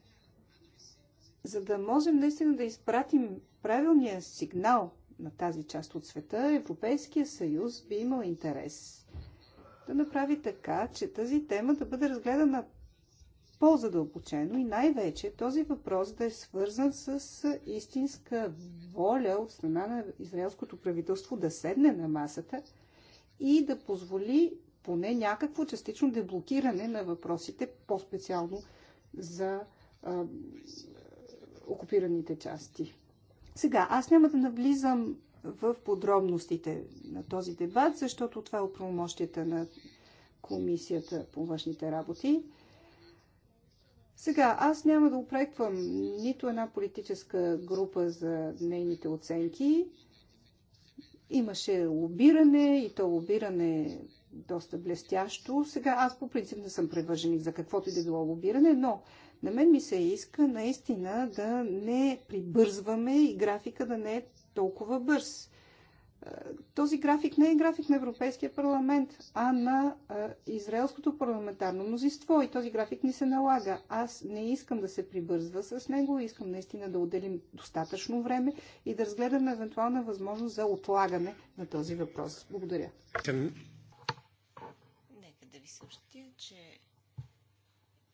за да можем наистина да изпратим правилния сигнал на тази част от света, Европейския съюз би имал интерес да направи така, че тази тема да бъде разгледана по-задълбочено и най-вече този въпрос да е свързан с истинска воля от страна на израелското правителство да седне на масата и да позволи поне някакво частично деблокиране на въпросите, по-специално за а, окупираните части. Сега, аз няма да навлизам в подробностите на този дебат, защото това е оправомощията на Комисията по външните работи. Сега, аз няма да упреквам нито една политическа група за нейните оценки. Имаше лобиране и то лобиране доста блестящо. Сега аз по принцип не съм превърженик за каквото и да било лобиране, но на мен ми се иска наистина да не прибързваме и графика да не е толкова бърз. Е, този график не е график на Европейския парламент, а на е, израелското парламентарно мнозинство и този график ни се налага. Аз не искам да се прибързва с него, искам наистина да отделим достатъчно време и да разгледаме евентуална възможност за отлагане на този въпрос. Благодаря. Нека да ви съобщя, че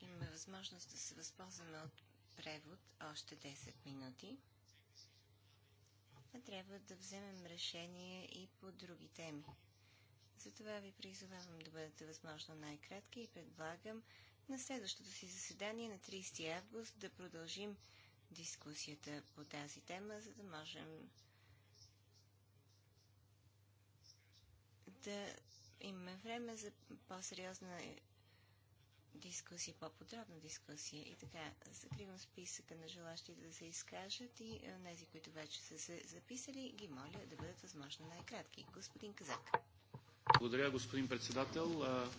има възможност да се възползваме от превод още 10 минути а трябва да вземем решение и по други теми. Затова ви призовавам да бъдете възможно най-кратки и предлагам на следващото си заседание на 30 август да продължим дискусията по тази тема, за да можем да имаме време за по-сериозна дискусия, по-подробна дискусия. И така, закривам списъка на желащите да се изкажат и тези, е, които вече са се записали, ги моля да бъдат възможно най-кратки. Господин Казак. Благодаря, господин председател. А,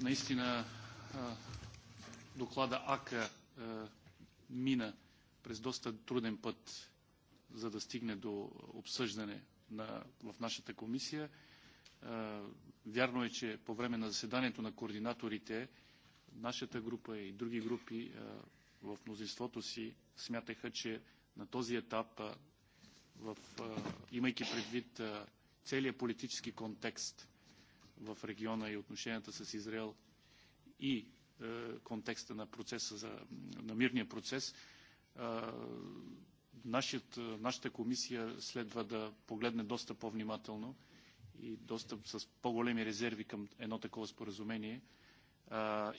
наистина а, доклада АКА а, мина през доста труден път, за да стигне до обсъждане на, в нашата комисия. Вярно е, че по време на заседанието на координаторите нашата група и други групи в мнозинството си смятаха, че на този етап, в, имайки предвид целият политически контекст в региона и отношенията с Израел и контекста на, процеса за, на мирния процес, нашата, нашата комисия следва да погледне доста по-внимателно и доста с по-големи резерви към едно такова споразумение,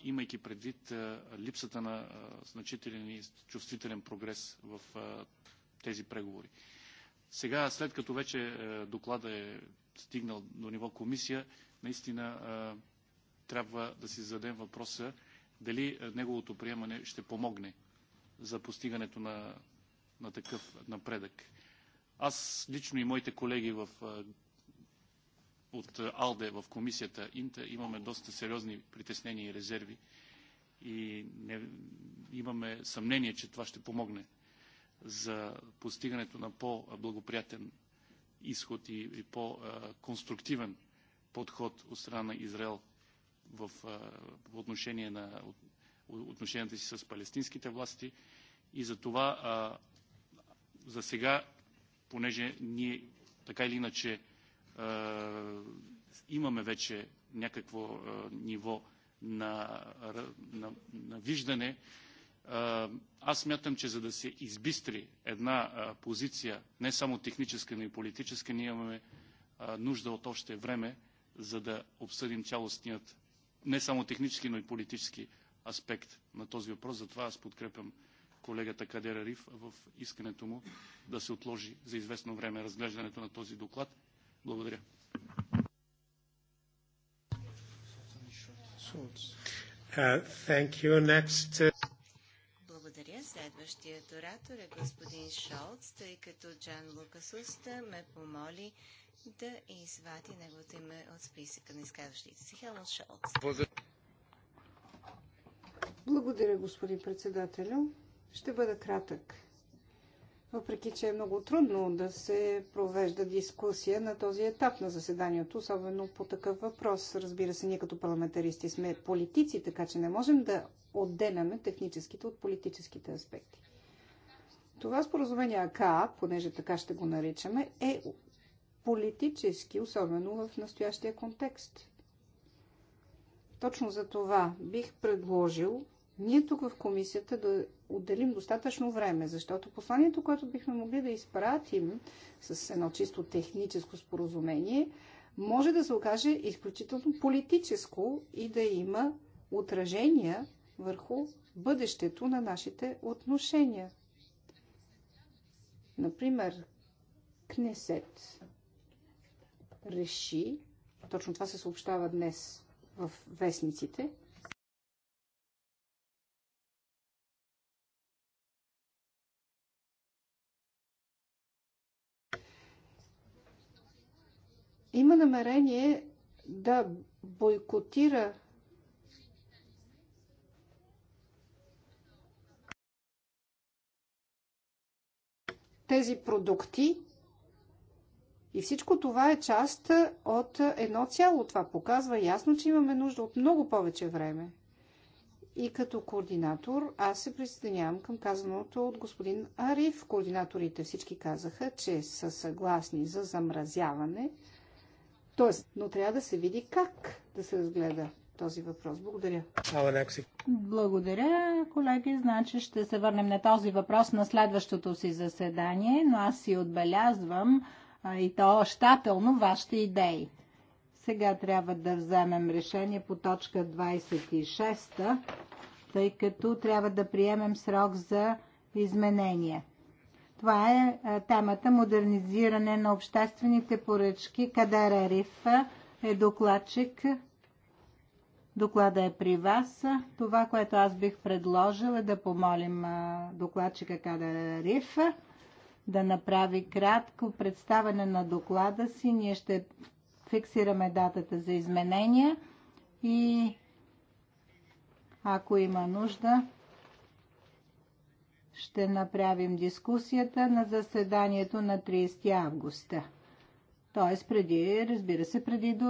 имайки предвид липсата на значителен и чувствителен прогрес в тези преговори. Сега, след като вече доклада е стигнал до ниво комисия, наистина трябва да си зададем въпроса дали неговото приемане ще помогне за постигането на, на такъв напредък. Аз лично и моите колеги в от е, АЛДЕ в комисията Инта имаме доста сериозни притеснения и резерви и не, имаме съмнение, че това ще помогне за постигането на по-благоприятен изход и, и по-конструктивен подход от страна на Израел в, е, в отношение на отношенията си с палестинските власти. И за това а, е, за сега, понеже ние така или иначе е, имаме вече някакво е, ниво на, на, на виждане. Е, аз мятам, че за да се избистри една позиция, не само техническа, но и политическа, ние имаме нужда от още време, за да обсъдим цялостният, не само технически, но и политически аспект на този въпрос. Затова аз подкрепям колегата Кадера Риф в искането му да се отложи за известно време разглеждането на този доклад благодаря. Uh, uh, Благодаря. Следващият оратор е господин Шолц, тъй като Джан Лукас Уста ме помоли да извади неговото име от списъка на изказващите си. Хелмут Шолц. Благодаря, господин председателю. Ще бъда кратък въпреки че е много трудно да се провежда дискусия на този етап на заседанието, особено по такъв въпрос. Разбира се, ние като парламентаристи сме политици, така че не можем да отделяме техническите от политическите аспекти. Това споразумение АКА, понеже така ще го наричаме, е политически, особено в настоящия контекст. Точно за това бих предложил ние тук в комисията да отделим достатъчно време, защото посланието, което бихме могли да изпратим с едно чисто техническо споразумение, може да се окаже изключително политическо и да има отражения върху бъдещето на нашите отношения. Например, Кнесет реши, точно това се съобщава днес в вестниците, има намерение да бойкотира тези продукти и всичко това е част от едно цяло. Това показва ясно, че имаме нужда от много повече време. И като координатор аз се присъединявам към казаното от господин Ариф. Координаторите всички казаха, че са съгласни за замразяване Тоест, но трябва да се види как да се разгледа този въпрос. Благодаря. Благодаря, колеги. Значи ще се върнем на този въпрос на следващото си заседание, но аз си отбелязвам а, и то щателно вашите идеи. Сега трябва да вземем решение по точка 26, тъй като трябва да приемем срок за изменение. Това е, е темата модернизиране на обществените поръчки. Кадер Ариф е докладчик. Доклада е при вас. Това, което аз бих предложил е да помолим е, докладчика Кадер Ариф да направи кратко представяне на доклада си. Ние ще фиксираме датата за изменения и ако има нужда, ще направим дискусията на заседанието на 30 августа. Тоест преди, разбира се, преди, до,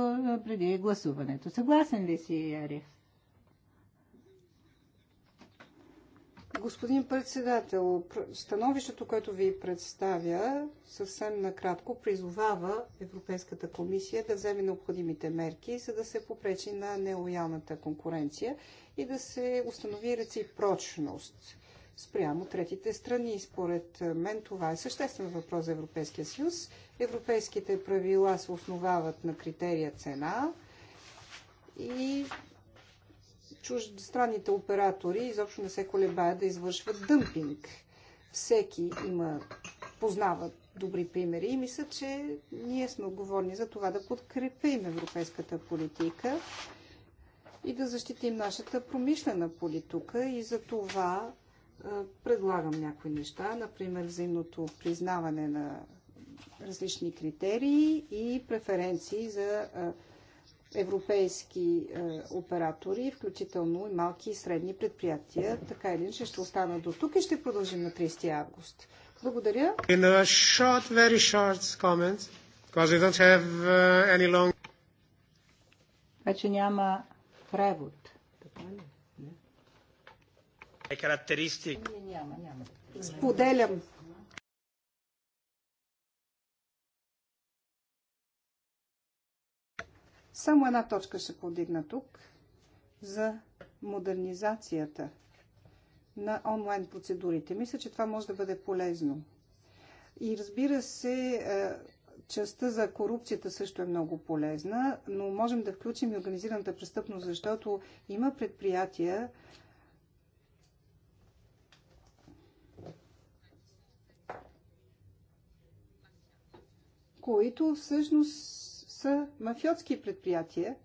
преди гласуването. Съгласен ли си, Ариф? Господин председател, становището, което ви представя, съвсем накратко призовава Европейската комисия да вземе необходимите мерки, за да се попречи на нелоялната конкуренция и да се установи реципрочност спрямо третите страни. Според мен това е съществен въпрос за Европейския съюз. Европейските правила се основават на критерия цена и чуждестранните оператори изобщо не се колебаят да извършват дъмпинг. Всеки има, познава добри примери и мисля, че ние сме отговорни за това да подкрепим европейската политика и да защитим нашата промишлена политика и за това предлагам някои неща, например взаимното признаване на различни критерии и преференции за европейски оператори, включително и малки и средни предприятия. Така или иначе ще остана до тук и ще продължим на 30 август. Благодаря. In a short, very short comment, because we don't have uh, any long... Вече няма превод. Така ли? Е характеристик. Ами, Споделям. Само една точка ще подигна тук за модернизацията на онлайн процедурите. Мисля, че това може да бъде полезно. И разбира се, е, частта за корупцията също е много полезна, но можем да включим и организираната престъпност, защото има предприятия, които всъщност са мафиотски предприятия.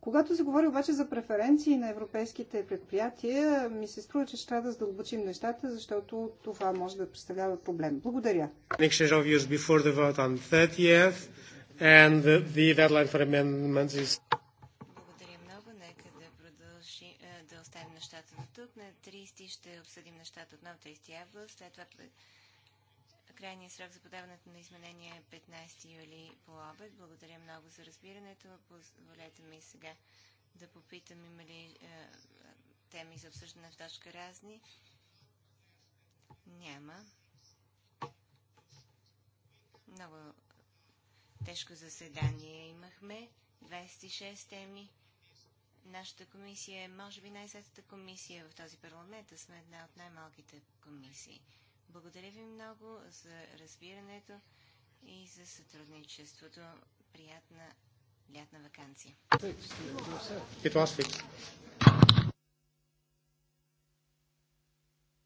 Когато се говори обаче за преференции на европейските предприятия, ми се струва, че ще трябва да задълбочим нещата, защото това може да представлява проблем. Благодаря. Благодаря много. Нека да продължи, е, да оставим нещата до тук. На 30 ще обсъдим нещата отново 30 август. След това Крайният срок за подаването на изменение е 15 юли по обед. Благодаря много за разбирането. Позволете ми сега да попитам има ли е, теми за обсъждане в точка разни. Няма. Много тежко заседание имахме. 26 теми. Нашата комисия е, може би, най-сетата комисия в този парламент, а сме една от най-малките комисии. Благодаря ви много за разбирането и за сътрудничеството. Приятна лятна вакансия.